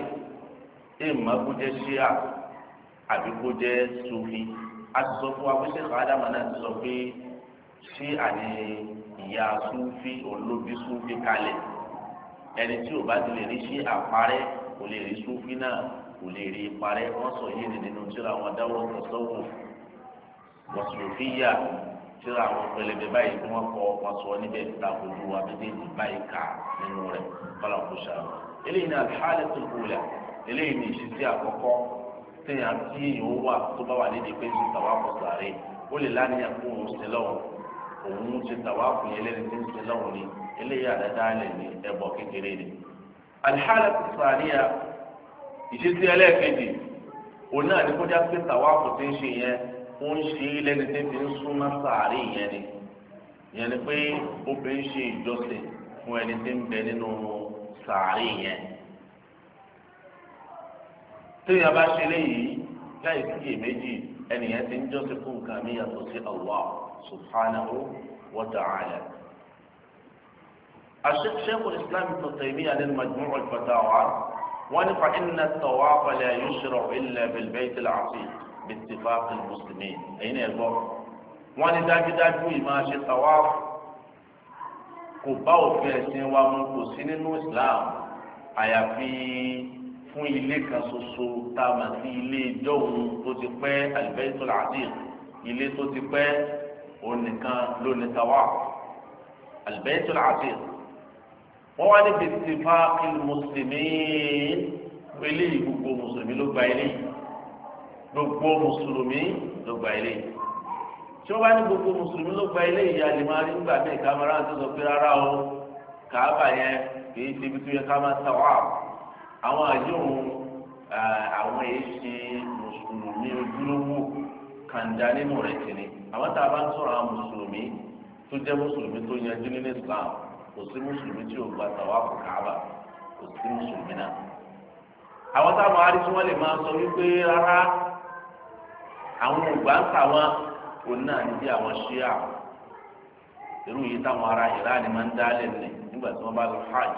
ẹ̀ má kó jẹ́ ṣíà àbí kó jẹ́ sufi a ti sọ fún wa pé sẹ́kọ̀ọ́ ádámà náà ti sọ pé ṣí àní ìyá sufi olóbi sufi kalẹ̀ ẹni tí ò bá ti lè rí sí àparẹ́ kò lè rí súnfín náà kò lè rí parẹ́ wọ́n sọ yé ni nínú tíra àwọn dáwọ́ ọ̀sán sọ́wọ́ wọ̀sùlùfíyà tíra àwọn pẹlẹbẹ báyìí tí wọ́n kọ wọn sọ níbẹ̀ takojú wa méjèèjì báyìí kà nínú rẹ̀ kọ́lá kó ṣàrò eléyìí ni alihali tó kú la eléyìí ni ìṣesí àkọ́kọ́ téèyàn tí èèyàn ó wà tó bá wà nídìí pé ti tàwa kọ sàárè ó lè lánìyàn kó òun ṣe lọ́wọ́ òun ti tàwa kù yẹn lẹ́ni tí ń ṣe lọ́wọ́ eléyìí ya lè ní ẹbọ kékeré ni alihala ti sàníyà ìṣesí ẹlẹ́ẹ̀kejì òun náà ní kó pé tàwáàfù ti ń ṣe yẹn ó ń ṣe é lẹ́ni tí ń fi ń súnmọ́ sàárè yẹn ni yẹn ni pé ó ṣe ìjọsìn fún ẹni tí ń bẹ nínú sàárè yẹn téèyàn bá ṣe léyìí sí ti ń jọ́sìn fún nǹkan Allah الشيخ الإسلام ابن تيمية للمجموع الفتاوى ونفع إن الطواف لا يشرع إلا بالبيت العتيق باتفاق المسلمين أين يقول wọ́n dájú dájú ìmáa ṣe tawaf kò bá òfin ẹ̀sìn wa mu kò sí nínú Islam àyàfi fún ilé kan ṣoṣo tá a mọ̀ sí ilé ìjọ́hun tó ti pẹ́ al-Baytul Atiq ilé tó ti pẹ́ òun nìkan ló ní tawaf al-Baytul Atiq wọ́n wá níbi tìfáàkì mùsùlùmí eléyìí gbogbo mùsùlùmí ló gba eléyìí gbogbo mùsùlùmí ló gba eléyìí tí wọ́n bá ní gbogbo mùsùlùmí ló gba eléyìí a lè máa rí nígbà bẹ́ẹ̀ kámẹ́rà tó sọ pé rárá o kàábà yẹn kìí ṣe ibi tó yẹ ká máa tàwa àwọn àjọhùn àwọn èyí ṣe mùsùlùmí ojúlówó kàńdá nínú rẹ̀ tì àwọn tá a bá ń sọ̀rọ̀ àwọn mùsùlùmí tó jẹ́ mùsùlùmí tó yanjú nínú Islam kò sí mùsùlùmí tí ò gba tàwáàfù káàbà kò sí mùsùlùmí náà. àwọn táwọn arísí wọn lè máa sọ wípé rárá àwọn ògbà ń tà wọn òun náà ní bí àwọn ṣíà irú yìí táwọn ará ìran máa ń dá lẹ́nu nígbà tí wọ́n bá lọ hajj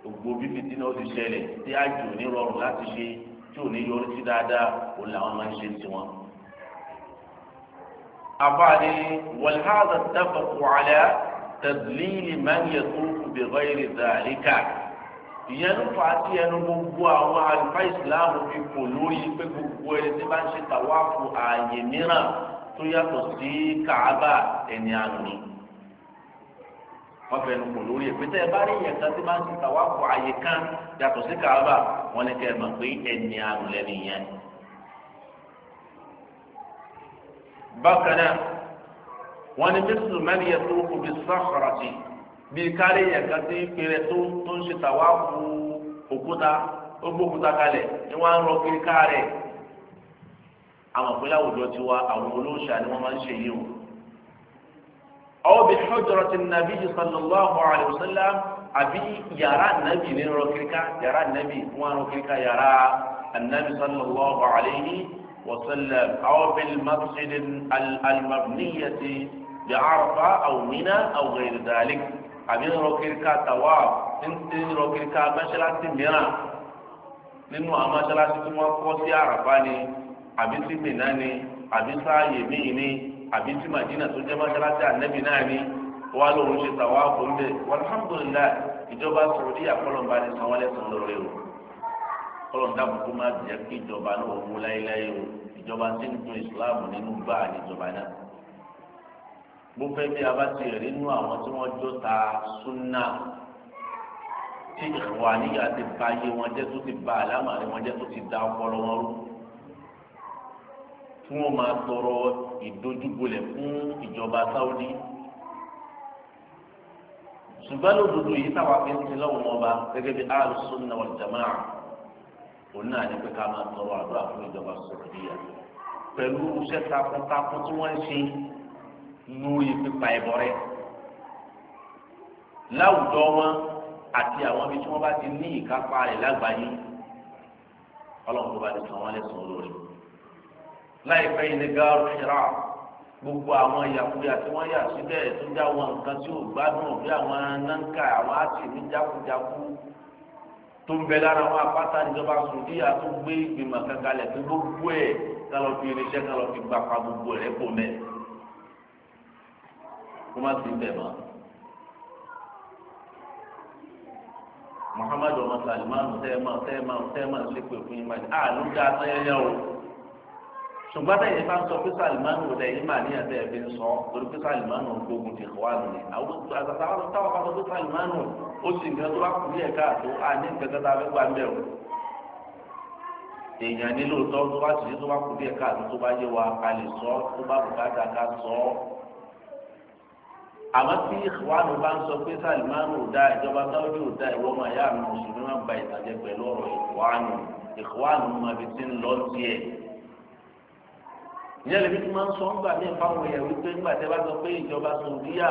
gbogbo bíbí tí náà ti ṣẹlẹ̀ tí àjò ní rọrùn láti ṣe tí ò ní yọrí sí dáadáa òun làwọn máa ń ṣe tiwọn. àbáde wàlhálà dábàkù àlẹ́ tẹ̀lílì mẹ́rin yẹn tó bẹ̀rẹ̀ ìrì dàríkà ìyẹn ló fà á sí ẹnu gbogbo àwọn àlùfáà ìsìláàmù fi kò lórí pé gbogbo ẹni tí bá ń ṣe tàwáàfù ààyè mìíràn tó yàtọ̀ sí kàábà ẹni àná wọn fẹẹ nu kò lórí ẹ pété ẹ bá rí yẹn kan tí máa ń ti tàwa kọ kan yàtọ̀ sí kàába wọn ni kẹ ẹ mọ̀ pé ẹni àrùn lẹni yẹn. bákan náà wọn ni bísí mẹ́rin yẹn tó kù bí sàkàràtì bí kárí yẹn kan ti pèrè tó tó ń ṣe tàwa kú òkúta ó gbókúta kalẹ̀ ni wọ́n á ń rọ kiri káàrẹ àwọn àpẹẹrẹ àwùjọ ti wá àwọn olóòṣà ni wọ́n máa ń ṣe yìí o. أو بحجرة النبي صلى الله عليه وسلم أبي يرى النبي لنركركا يرى النبي ونركركا يرى النبي صلى الله عليه وسلم أو بالمسجد المبنية بعرفة أو aw أو غير ذلك. أبين àbí تواب. أنت kiri ká tawaf ń rọ kiri ká mọ́ṣáláṣí mìíràn nínú أبين mọ́ṣáláṣí أبين wọ́n kọ́ sí Arafa ni àbí sí Mina ni àbí sáàyè míì ni àbí sí Madina tó jẹ́ mọ́ṣáláṣí ànẹ́bí náà ni wọ́n á lóun ṣe tawaf ń bẹ̀ walhamdulilayi ìjọba o kọlọ́n dàbò kó má jẹ́ kí ìjọba náà wó láéláé o ìjọba tí ń tún Islam nínú gbáà ní ìjọba gbogbo ẹbí abáti rẹ̀ nínú àwọn tí wọ́n jó ta súnà tí ìwà níyà ti ba ayé wọn jẹ́ tó ti ba àlámàrí wọn jẹ́ tó ti da ọpọlọ wọn rú tí wọ́n máa tọrọ ìdojúbolẹ̀ fún ìjọba Saudi ṣùgbọ́n lódodo yìí táwa fi ń sin lọ́wọ́ wọn bá gẹ́gẹ́ bí al-sunna wal jamaa òun náà ní pé ká máa tọrọ àdúrà fún ìjọba Saudiya pẹ̀lú iṣẹ́ takuntakun tí wọ́n ń ṣe lórí pípa ẹbọ rẹ̀ láwùjọ wọn àti àwọn ibi tí wọn bá ti ní ìkápá rẹ̀ lágbàáyé Ọlọ́run tó bá ti sọ wọn lẹ́sùn lórí láìpẹ́ yìí ní gáàrú ṣẹlá gbogbo àwọn ìyàkuyà tí wọ́n yà síbẹ̀ tó já wọn nǹkan tí ò gbádùn bí àwọn nánkà àwọn àti ní jákujáku tó ń bẹ lára wọn apáta ìjọba sùdíyà tó gbé ìgbìmọ̀ kankanlẹ̀ tó gbogbo ẹ̀ kálọ̀ fi irinṣẹ́ kálọ̀ fi gbapá gbogbo ẹ̀ kò mẹ́ẹ̀ kó má sí bẹ́ẹ̀ mọ́. muhammadu ọmọ salimanu tẹ́ẹ̀mà tẹ́ẹ̀mà tẹ́ẹ̀mà ah, lépe fún yín báyìí àlù dá sẹ́yẹ́yẹ́ o ṣùgbọ́n tẹ̀yẹ bá ń sọ pé salimanu rẹ̀ yín mà níyà tẹ́ẹ̀ fi ń sọ torí pé salimanu gbógun ti wà lónìí àwọn àgbàtà wọn táwọn bá sọ pé salimanu ó sì ń gbẹ́tọ́ àkùrí ẹ̀ káàtó a ní gbẹ́tọ́ tá a fẹ́ gbà ń bẹ̀ o èèyàn nílò tọ́ tó bá sì tó bá kùrí ẹ̀ káàtó tó bá yé wa a lè sọ tó bá bùkátà ká sọ ọ́ àmọ́ tí ìwádìí bá ń sọ pé sàlìmánù ò dáa ìjọba sáwọ́jú ò dáa ìwọ́n máa yá àmì mùsùlùmí máa ba ìtàjẹ pẹ̀lú ọ̀rọ̀ ìwádìí ìwádìí máa fi ti ń lọ tiẹ̀. ìyá lèmi ti máa ń sọ ńgbà mí fáwọn èèyàn wípé ńgbà tẹ́ bá sọ pé ìjọba sòdíà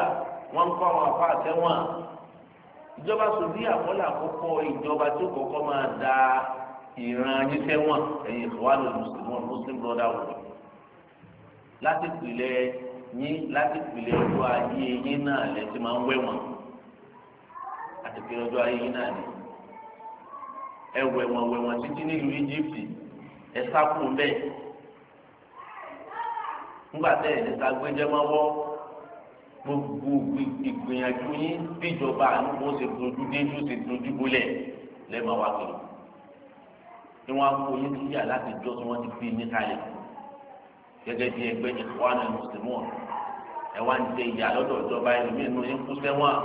wọ́n ń kọ́ àwọn afá àtẹ́wọ̀n ìjọba sòdíà wọ́n là kọ́kọ́ ìjọba tó kọ́kọ́ máa da ìran ayétẹ́wọ̀n ẹ̀yìn ìwádìí yín láti pìlẹ̀ ọjọ́ ayé yín náà lẹ ti máa ń wẹ̀ wọ́n àti pìlẹ̀ ọjọ́ ayé yín náà ni ẹ wẹ̀ wọ́n wẹ̀ wọ́n títí nílùú Egypt ẹ sákùn bẹ́ẹ̀ ńgbà tẹ́ ẹ̀ níta gbẹ́jẹ́ mọ́wọ́ gbogbo ìgbìyànjú yín bíjọba àníkó ṣe dojú déjú ṣe dojú bolẹ̀ lẹ́ẹ̀ máa wá kiri ni wọ́n á kó yín síyà láti jọ́ tí wọ́n ti fi yín kalẹ̀ gẹ́gẹ́ bí ẹgbẹ́ ìfọwọ́nà mùsùlùmọ́ ẹ wá ń tẹ ìyá lọ́dọ̀ ìjọba ẹlòmíì nù yín kú sẹ́wọ̀n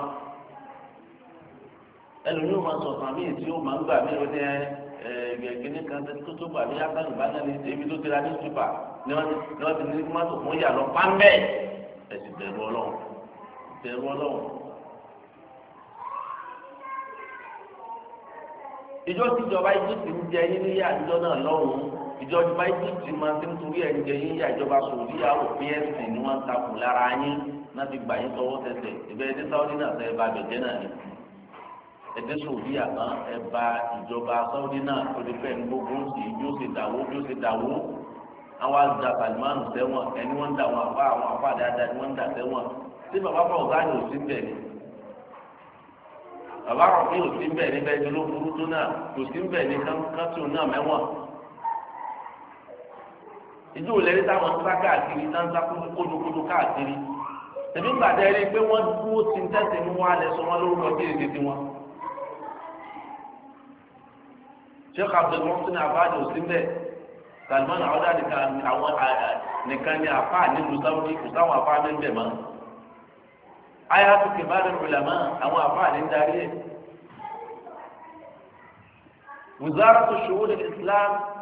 ẹlòmíì máa sọ fún mi tí ó máa ń gbà mí ló ní ẹgbẹ̀gbẹ̀ni kan tó tó gbà mí yàtọ̀ ìbáná ní ebi tó tẹ̀ra ní ṣùpà ni wọ́n ti ní mọ́tò fún ìyá lọ pàmbẹ́ ẹ̀sìn bẹ̀rù ọlọ́run bẹ̀rù ọlọ́run. ìjọ tíjọba ìjọ ti ń jẹ ìjọ náà lọ́hùn ìjọba egypt máa ti ń torí ẹ̀ ń jẹ yín yá ìjọba sòríyá òfin ẹ̀sìn ni wọ́n ń takò lára yín náà ti gbà yín tọwọ́ tẹsẹ̀ ìbẹ́ ẹdí sáwọ́dí náà fẹ́ ba àbẹ̀jẹ́ náà ni ẹdí sòríyá kan ẹ ba ìjọba sáwọ́dí náà tó lè fẹ́ gbógun sí yóò ṣe dàwó yóò ṣe dàwó àwọn àgbà Salman sẹ́wọ̀n ẹni wọ́n ń dà wọn àfa àwọn àfa dáadáa ni wọ́n ń dà sẹ́wọ̀n tí bàbá ìdí òun lẹ́yìn táwọn ń sá káàkiri náà ń sá kódókódó káàkiri tẹ̀mí gbàdá ẹ rí i pé wọ́n dúró ti ń tẹ̀sí mú wá lẹ́sọ wọn lórúkọ kí èdè ti wọn. sheikh abdul muhsin abadu síbẹ̀ salman awda nìkan àwọn nìkan ní afa nílùú sáwọ́dí kò sáwọn afa ní bẹ̀ mọ́. ayatu kibari ulama àwọn afa ní darí ẹ̀. wùzárà tó ṣòwò ní islam.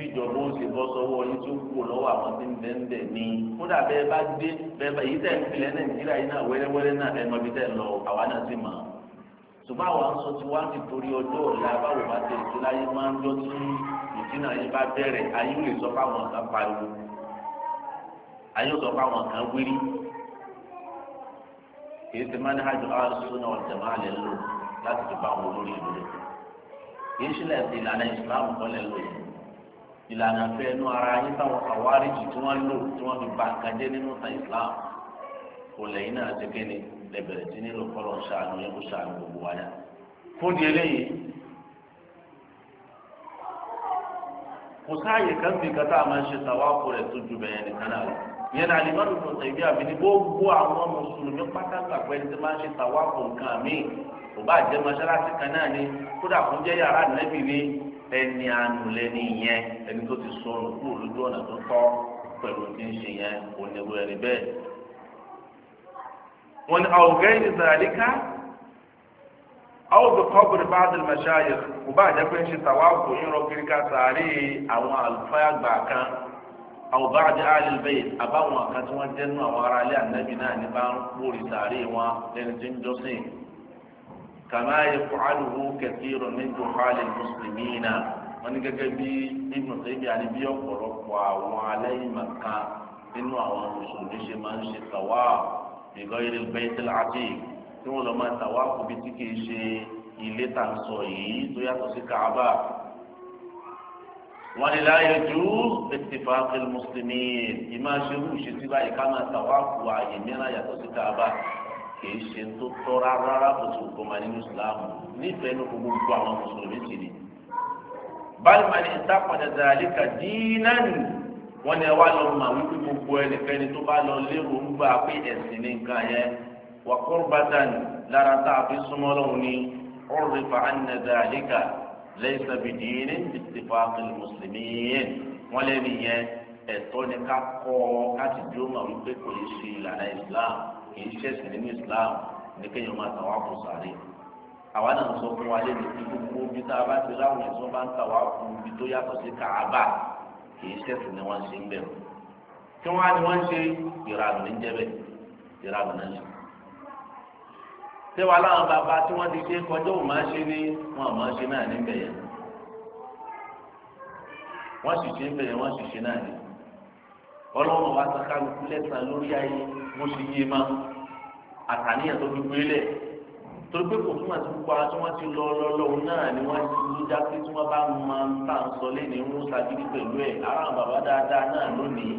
bíjọba ó sì bọ́ sọ́wọ́ yín tó kú lọ́wọ́ àwọn tí ń bẹ́ẹ̀ ń bẹ̀ ní. kódà bẹ́ẹ̀ bá bẹ́ẹ̀ bá yìí tẹ̀ ń filẹ̀ nàìjíríà yìí náà wẹ́rẹ́wẹ́rẹ́ náà ẹ̀ mọ̀bí lọ àwọn ti torí ọjọ́ ọ̀la báwo bá tẹ̀ sí láyé máa ń ìdínà bá bẹ̀rẹ̀ ayé ò lè sọ fáwọn kan pariwo ayé ò sọ fáwọn kan wírí kì í ìlànà fẹ ẹnu ara yín táwọn àwárìjì tí wọn lò tí wọn fi ba nǹkan nínú ta islam kò lẹ́yìn náà ṣe kéde lẹbẹrẹ tí nílò kọlọ ṣàánú yẹn kó ṣàánú gbogbo wa yá fún di eléyìí kò sáàyè kan fi kata àmọ́ ṣe tàwáàpù rẹ̀ tó ju bẹ̀yẹn nìkan náà lọ yẹn náà ní mọ́tò tó tẹ̀lé àbí ní gbogbo àwọn mùsùlùmí pátákó àpẹẹrẹ tí máa ṣe tàwáàpù nǹkan míì kò bá jẹ́ mọ́ṣáláṣí kan náà ni kódà kó jẹ́ yàrá nẹ́bì ni ẹni anulẹ ní ìyẹn ẹni tó ti sọnù kúrò lójú ọ̀nà tó tọ́ pẹ̀lú tí ń ṣe yẹn ònìwò ẹni bẹ́ẹ̀. wọn ni àwògẹ́ ìzàlíkà àwògẹ́ kọ́bùrì bá dùn mẹ́ṣáyẹ̀ kò bá jẹ́ ń ṣe yín rọ kiri ká sàárè àwọn àgbà kan àwọn kàmá yẹfu aluhu kẹsìrò nígbò hali mùsùlùmíìnà wọn ní gẹ́gẹ́ bí ibùn tẹbi àti bí ọ̀pọ̀lọpọ̀ àwọn aláìmọ̀ká nínú àwọn mùsùlùmí ṣe máa ń ṣe tàwa ìgọ ilé bẹẹtẹ láti tí wọn lọ máa tàwa kó bí tí kìí ṣe ilé tà ń sọ yìí tó yàtọ̀ sí kàábà wọn ni láàyè jù ìtìfàkì mùsùlùmí ìmáṣerú ìṣesí báyìí ká máa tàwa kó àyè mìíràn yàtọ̀ sí kàábà kìí ṣe tó tọ́ rárá kò tó kọ́ máa nínú ìsìláàmù nífẹ̀ẹ́ ní gbogbo àwọn mùsùlùmí sì ni. báyìí máa ní ìtàkùn ẹ̀dá àlékà dínà nì wọ́n ní ẹ wá lọ mà wípé gbogbo ẹnikẹ́ni tó bá lọ lérò ń gbà pé ẹ̀sìn ní nǹkan yẹn wà kúrbàtà lára tá a fi súnmọ́ lọ́hùn ní ọ̀rẹ́ fa ẹ̀dá àlékà lẹ́yìn sàbìdìínì ìtìfàkì mùsùlùmí yẹn wọ́n lẹ́nu yẹn ẹ̀tọ́ ni ká kọ́ ká ti dúró mà wípé kò yẹ kì í ṣẹ̀sìn nínú islam ní kéèyàn máa tàwa kù sáré àwa náà sọ fún wa lẹ́nu tí gbogbo ibi tá a bá ti láwùjọ tí wọ́n bá ń tàwa kù ibi tó yàtọ̀ sí kàába kì í ṣẹ̀sìn ni wọ́n ṣe ń bẹ̀rù kí wọ́n á ní wọ́n ṣe ìrànù ní jẹ́bẹ̀ ìrànù náà ṣe tẹ́wàá láwọn bàbá tí wọ́n ti ṣe kọjọ́ ò máa ṣe ní wọn ò máa ṣe náà níbẹ̀ yẹn wọ́n sì ṣe ń bẹ̀rẹ̀ wọ́n sì ṣe náà ní ọlọ́run wa sọ kálukú lẹ́sàn lórí ayé mo sì yé ma àtàníyàn tó fi gbélé torí pé kò túmọ̀ sí gbogbo àwọn tí wọ́n ti lọ lọ́lọ́run náà ni wọ́n ti ló já pé tí wọ́n bá máa ń tà ń sọ lẹ́nu ń sagídí pẹ̀lú ẹ̀ ara àwọn bàbá dáadáa náà lónìí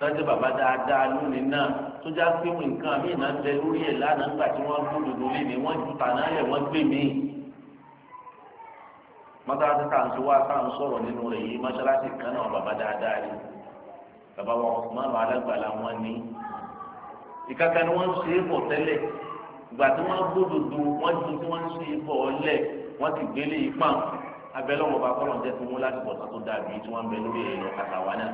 tọ́jú bàbá dáadáa lónìí náà tó já pé wọn nǹkan míì náà bẹ lórí ẹ̀ lánàá nígbà tí wọ́n kú dòdò lẹ́nu wọ́n ju tàná lẹ̀ wọ́n gbé mi. mọ́tàlásí tà ń sọ wá tá à ń sọ̀rọ̀ nínú rẹ̀ yìí mọ́tàlásí bàbá wa Usman alágbàlá wọn ní ìkàkà ni wọ́n ń ṣe é bọ̀ tẹ́lẹ̀ ìgbà tí wọ́n gbódòdó wọ́n ju tí wọ́n ń ṣe é bọ̀ ọlẹ̀ wọ́n ti gbélé ipá abẹ́lẹ́wọ̀n bá kọ́lọ̀ jẹ́ tí wọ́n láti bọ̀ tó dàbí tí wọ́n ń bẹ lórí ẹ̀rọ kàtàwá náà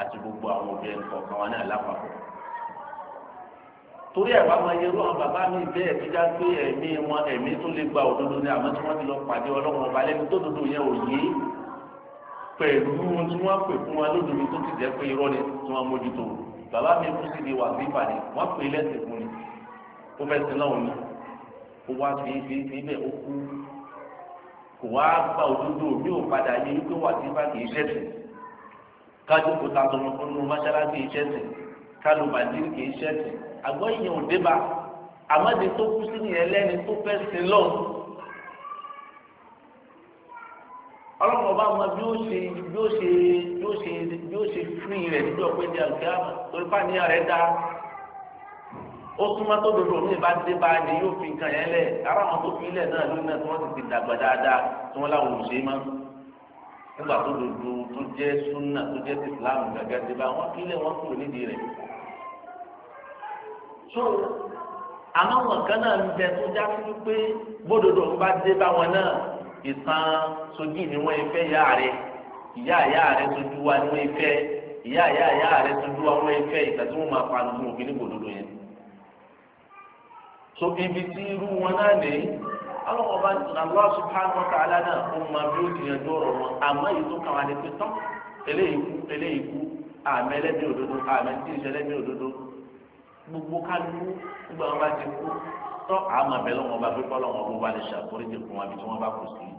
àti gbogbo àwọn òbí ẹnì kọ̀ọ̀kan náà lápapọ̀ torí ẹ̀ wá máa yẹ àwọn bàbá mi bẹ́ẹ̀ tó já pé ẹ̀mí wọn ẹ̀mí tó lè gba òdodo ni àmọ́ tí wọ́n ti lọ pàdé ọlọ́run ọba lẹ́nu tó dodo yẹn ò yé pẹ̀lú tí wọ́n pè fún wa lódodo tó ti jẹ́ pé irọ́ ni tí wọ́n mójútó bàbá mi kú sí ni wà sí ìbàdí wọ́n pè é lẹ́sìn fún ni ó fẹ́ sin náà ni ó wá fi fi fi bẹ́ẹ̀ ó kú kò wá gba òdodo mi ò padà yé wípé wà sí ìbàdí ìṣẹ̀sìn kájú kò ta tọmọ fún un mọ́ṣáláṣí ìṣẹ̀sìn kálù bàdí kì í ṣẹ̀sìn àgbọ̀ ìyẹn ò débà àmọ́dé tó kú sí ni ẹlẹ́ni tó fẹ́ sin lọ́hùn ọlọ́mọba mọ bí ó yóò ṣe yóò ṣe yóò ṣe fún rẹ̀ níbi ọ̀pẹ di àlùkìyàmà torí pàníyàn rẹ̀ dá ó súnmọ́ tó dodo omi bá dé bá ní yóò fi nǹkan yẹn lẹ̀ ara àwọn tó fi ilẹ̀ náà lónìí náà tí wọ́n ti ti dàgbà dáadáa tí wọ́n láwọn ò mọ́ nígbà tó dodo tó jẹ́ súnà tó jẹ́ ti Islam gàgà dé bá wọ́n fi ilẹ̀ wọ́n kúrò nídìí rẹ̀ so àmọ́ wọn kan náà ń bẹ tó já sí pé bódodo bá dé bá wọn náà ìtàn ìyá ìyá rẹ tójú wa ní ìfẹ́ ìyá ìyá ìyá rẹ tójú wa ní ìfẹ́ ìgbà tí wọ́n máa pa nínú òbí ní gbòdodo yẹn. so ibi tí irú wọn náà lè àwọn ọba Allah subhanahu wa ta'ala náà ó máa bí ó ti yẹn dọ̀rọ̀ wọn àmọ́ èyí tó kàn wá ní pé tán eléyìí kú eléyìí kú àmì ẹlẹ́bí òdodo àmì tí ìṣẹlẹ́bí òdodo gbogbo kálukú gbogbo àwọn bá ti kú tọ́ àmọ̀ bẹ́ẹ̀ lọ́wọ́ bá fẹ́ kọ́ lọ́wọ́ bó bá lè fún wa bí tí wọ́n bá kù sí i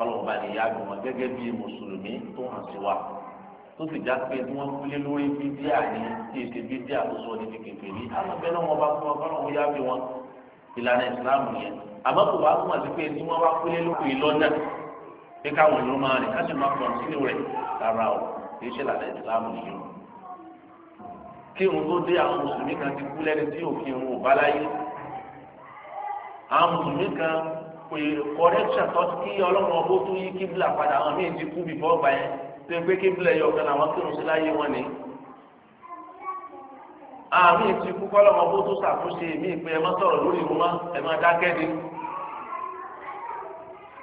kọlọ́ọ̀bá lè yá gbọ̀mọ̀ gẹ́gẹ́ bí mùsùlùmí tó hàn sí wa tó sì já pé tí wọ́n kúlé lórí bídíà ni tí èsì bídíà tó sọ níbi kékeré àwọn ọbẹ̀ náà wọ́n bá fún wọn kọ́lọ́ọ̀ yá bí wọn ìlànà ìsìlámù yẹn àmọ́ kò wá túmọ̀ sí pé tí wọ́n bá kúlé lórí ìlọ́nà pé káwọn ìlú máa rìn káṣí máa pọ̀ sínú rẹ̀ rárá o kì í ṣe ìlànà ìsìlámù yìí o kí irun tó dé àwọn mùsùlùmí kan ti kú lẹ́ni tí òfin òun àwọn mùsùlùmí kan pé correction tó kí ọlọ́run ọgbó tó yí kíbla padà àwọn míì ti kú bìbọ́ ọgbà yẹn tó ń gbé kíbla yọ ọ̀kan àwọn kírun sí láyé wọn ni. àmì ti kú kọ́lọ́run ọgbó tó ṣàtúnṣe mí pé ẹ sọ̀rọ̀ lórí ìwọ́n má ẹ ni.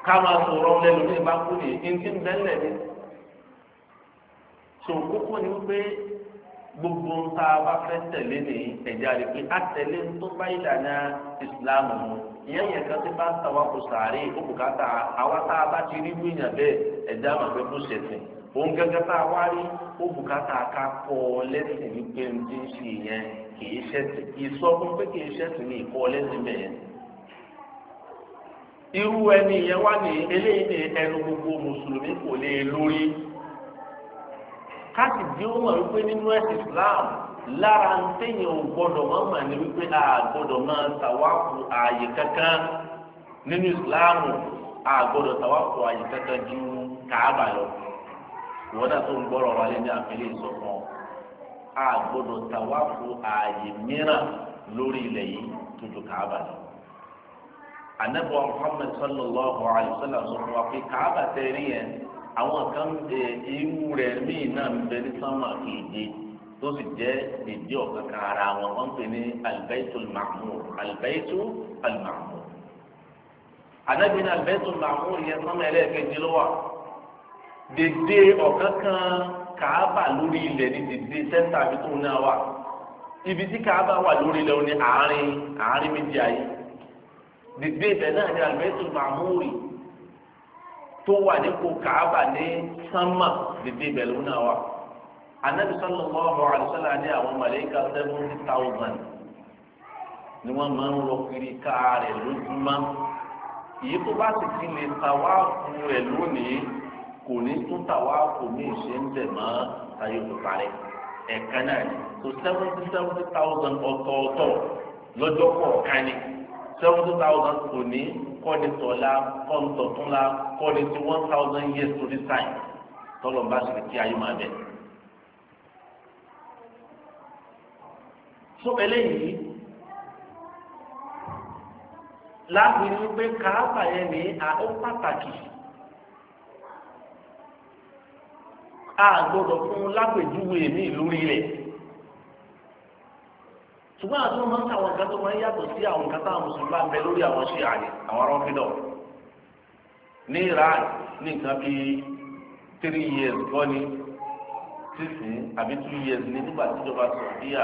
ká máa sọ̀rọ̀ lẹ́nu ní ìbá kú ni ìdí ń bẹ́lẹ̀ ni. sọ kókó ni wípé gbogbo ń tá a bá fẹ́ tẹ̀lé nìyí ẹ̀já rẹ̀ pé á tẹ̀lé tó bá ìlànà ìsìláàmù ìyẹn yẹn kan tí bá ń tàwa kò ó àwa tá a bá ti rí bẹ́ẹ̀ ẹ̀dá òun gẹ́gẹ́ tá a wá rí ó bùkátà ká kọ́ ọ lẹ́sìn wípé ń ti ń ṣe ìyẹn kìí ṣẹ̀sìn ìsọfún pé kìí ṣẹ̀sìn ní ìkọ́ lẹ́sìn yẹn wá ní eléyìí ní ẹnu gbogbo mùsùlùmí kò lè lórí ó mọ̀ wípé nínú ẹ̀sìn Islam lára ń tẹ̀yìn ò gbọ́dọ̀ máa mà ní wípé a gbọ́dọ̀ máa tàwáfù ààyè kankan nínú ìsìláàmù a gbọ́dọ̀ tàwáfù ààyè kankan ju kàába lọ tó ń gbọ́rọ̀ lé ní àfẹ́lẹ́ ìsọ̀kan a gbọ́dọ̀ tàwáfù ààyè mìíràn lórí ilẹ̀ yìí tó ju kàába lọ. anabi muhammed sallallahu alayhi wa sallam wa pé tẹ̀rí yẹn àwọn kan ń tó sì jẹ́ ìdí ọ̀kan kan ara wọn wọ́n ń pè ní albaitul mahmud albaitul mahmud anabi ní albaitul mahmud yẹn sọmọ ẹlẹ́ẹ̀kejì ló wà dèdè ọ̀kan kan kàábà lórí ilẹ̀ ní dèdè sẹ́ńtà àbí tó náà wà ibi tí kàábà wà lórí ilẹ̀ ní àárín àárín méjì ayé dèdè ibẹ̀ náà ní albaitul mahmud tó wà nípò kàábà ní sánmà dèdè ibẹ̀ ló náà wà anabi sallallahu alaihi wasallam ní àwọn màlẹ́kà seventy thousand ni wọ́n máa ń lọ kiri káàrẹ̀ lójúmọ́ èyí tó bá sì ti lè tàwáàfù rẹ̀ lónìí kò ní tún tàwáàfù ní ìṣe ń bẹ̀ mọ́ táyé kò parẹ́ ẹ̀ka náà ni so seventy seventy thousand ọ̀tọ̀ọ̀tọ̀ lọ́jọ́ kọ̀ọ̀kan ni seventy thousand kò ní kọ́ni tọ̀la kọ́ni tí one thousand years to this time tọ́lọ̀ bá sì ti ayé máa bẹ̀rẹ̀. tó eléyìí láti rí pé kàáfà yẹn ní àó pàtàkì a gbọ́dọ̀ fún lápèjúwe mi lórí rẹ̀ ṣùgbọ́n àti wọn máa ń ta àwọn nǹkan tó máa ń yàtọ̀ sí àwọn nǹkan táwọn mùsùlùmí bá ń bẹ lórí àwọn ṣe àyè àwọn arọ́fídọ̀ ní Iran ní nǹkan bíi three years kọ́ ni sísìn àbí two years ní nígbà tíjọba sọ̀rọ̀ bíyà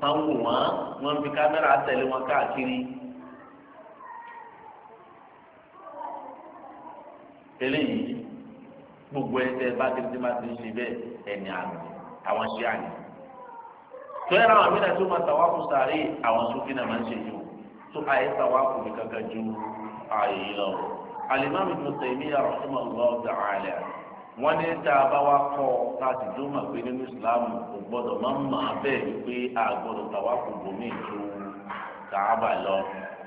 tán wò wọ́n wọ́n fi kámẹ́rà tẹ̀lé wọn káàkiri. eléyìí gbogbo ẹsẹ̀ bá ti ti máa ti ṣe bẹ́ẹ̀ ẹni àmì àwọn ṣe àmì. tẹ́lẹ̀ àwọn àmì náà tó máa tàwáfù sáré àwọn sófin náà máa ń ṣe jù tó àyè tàwáfù mi kankan ju ààyè yìí lọ. alimami Ibn Taymiyyah rahimahullah ta'ala wọ́n ní tá a bá wá kọ́ láti tó mà pé nínú ìsìláàmù kò gbọ́dọ̀ má mà á bẹ́ẹ̀ wípé a gbọ́dọ̀ tàwa kò bòmí tó kàábà lọ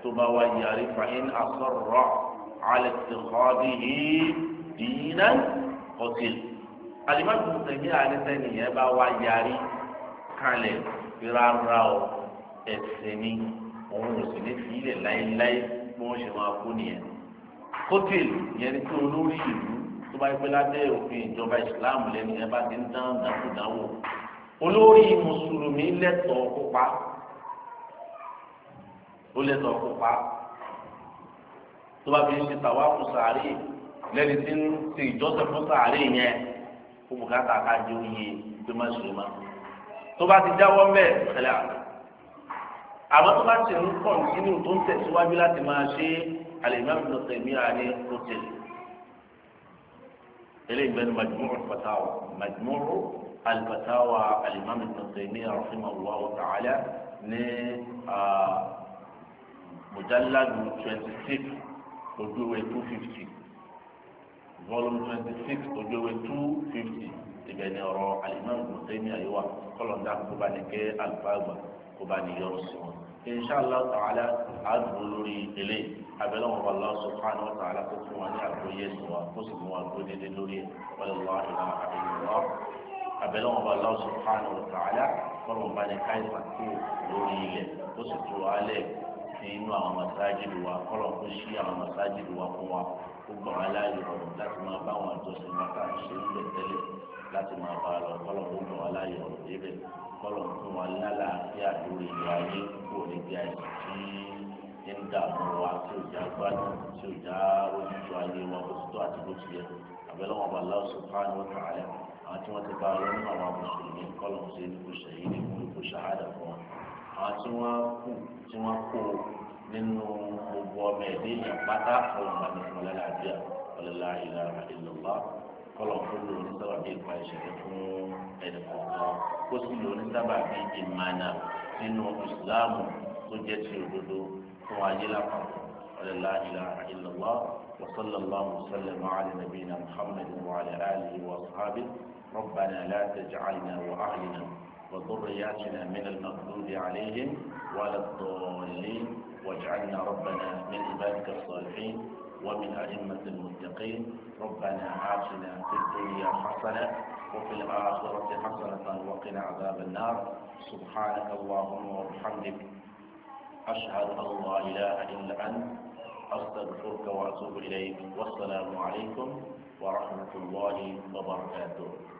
tó bá wá yarí fàyín asọ̀rọ̀ alẹ́ ti kọ́ bí yìí dìínà ọ̀sẹ̀. alimami tẹ̀mí àdìsẹ́ nìyẹn bá wá yarí kalẹ̀ rárá o ẹ̀sẹ̀ ni òun ò sì ní fi ilẹ̀ láéláé bí wọ́n ṣe máa kú nìyẹn. kótìlì yẹn ni pé olórí ìlú bá yẹ pé lábẹ́ òfin ìjọba ìsìláàmù lẹ́nu ẹ bá ti ń dán dákúdáwò olórí mùsùlùmí lẹ́tọ̀ọ́ kópa ó lẹ́tọ̀ọ́ kópa tó bá fi ń ṣe tàwáfù sàárè lẹ́ni tí ń ṣe ìjọsìn fún sàárè yẹn kó bùkátà ká jẹ́ òye pé má ṣe má tó bá ti jáwọ́ mbẹ́ ẹ̀lẹ́ àná àmọ́ tó bá ti ń kọ̀ǹtínú tó ń tẹ̀síwájú láti máa ṣe àlè ìmáàmù lọ́sẹ̀ mìíràn ní hòtẹ́lì eléyìí bẹ́ẹ̀ ni majmúrù fatawa majmúrù alifatawa alimami tẹ̀sẹ̀mí rahimahullahu ta'ala ní mujalladu twenty six ojúwe two fifty volume twenty six ojúwe two fifty ibẹ̀ ni ọ̀rọ̀ alimami tẹ̀sẹ̀mí àyíwá kọ́lọ̀ ń dá kó bá ní kẹ́ alifagba kó bá ní yọrọ sí wọn inṣàlá tààlà àdùn lórí ilé abẹ́lẹ́wọ̀n wà lọ́wọ́ subhanahu wa ta'ala kó fún wa ní àgbóyè ìwà kó sì mú wa gbé dédé lórí wọlé wà ìlà àdìyẹwà abẹ́lẹ́wọ̀n wà lọ́wọ́ subhanahu wa ta'ala kọ́nà bá ní káyìpá kú lórí ilẹ̀ kó sì tó alẹ́ nínú àwọn masáàjìlì wa kọ́nà kó sí àwọn masáàjìlì wa fún wa kó gbọ̀n aláyè ọ̀rọ̀ láti máa bá àwọn àjọṣin wa ká ṣe ń bẹ̀ tẹ́lẹ̀ láti máa bá a lọ kọ́nà kó gbọ̀n aláyè ọ̀rọ̀ débẹ̀ kọ́nà fún wa lálàáfíà lórí ìlú ayé kúrò níbi àìsàn tí ń dààmú wa tí ò já gbádùn tí ò já ojútùú ayé wa bó ti tó àti bó ti yẹ àbẹ̀lọ́wọ̀n ọba Allah subhanahu wa ta'ala àwọn tí wọ́n ti bá lọ nínú àwọn mùsùlùmí kọ́lọ̀ ṣe ní kò ṣẹ̀yìn ní kò kò ṣàhádà fún wọn àwọn tí wọ́n kù tí wọ́n kó nínú gbogbo ọmọ ẹ̀dẹ́ yẹn pátá ọ̀rọ̀ máa ní fún lálàáfíà ọ̀lẹ́lá ìlànà ìlọ́lá kọ́lọ̀ fún lò ní sábà bí ìpa ìṣẹ̀lẹ̀ fún ẹnì kọ̀ọ̀kan kó sì lò ní sábà bí ìmánà nínú ìsìláàmù tó jẹ́ ti òdodo fún ayé lápapọ̀ ọ̀lẹ́lá ìlà ìlọ́wọ́ وصلى الله وسلم على نبينا محمد وعلى آله وأصحابه ربنا لا تجعلنا وأهلنا وذرياتنا من المغضوب عليهم ولا الضالين واجعلنا ربنا من عبادك الصالحين ومن أئمة المتقين ربنا آتنا في الدنيا حسنة وفي الآخرة حسنة وقنا عذاب النار سبحانك اللهم وبحمدك أشهد أن لا إله إلا أنت أستغفرك وأتوب إليك والسلام عليكم ورحمة الله وبركاته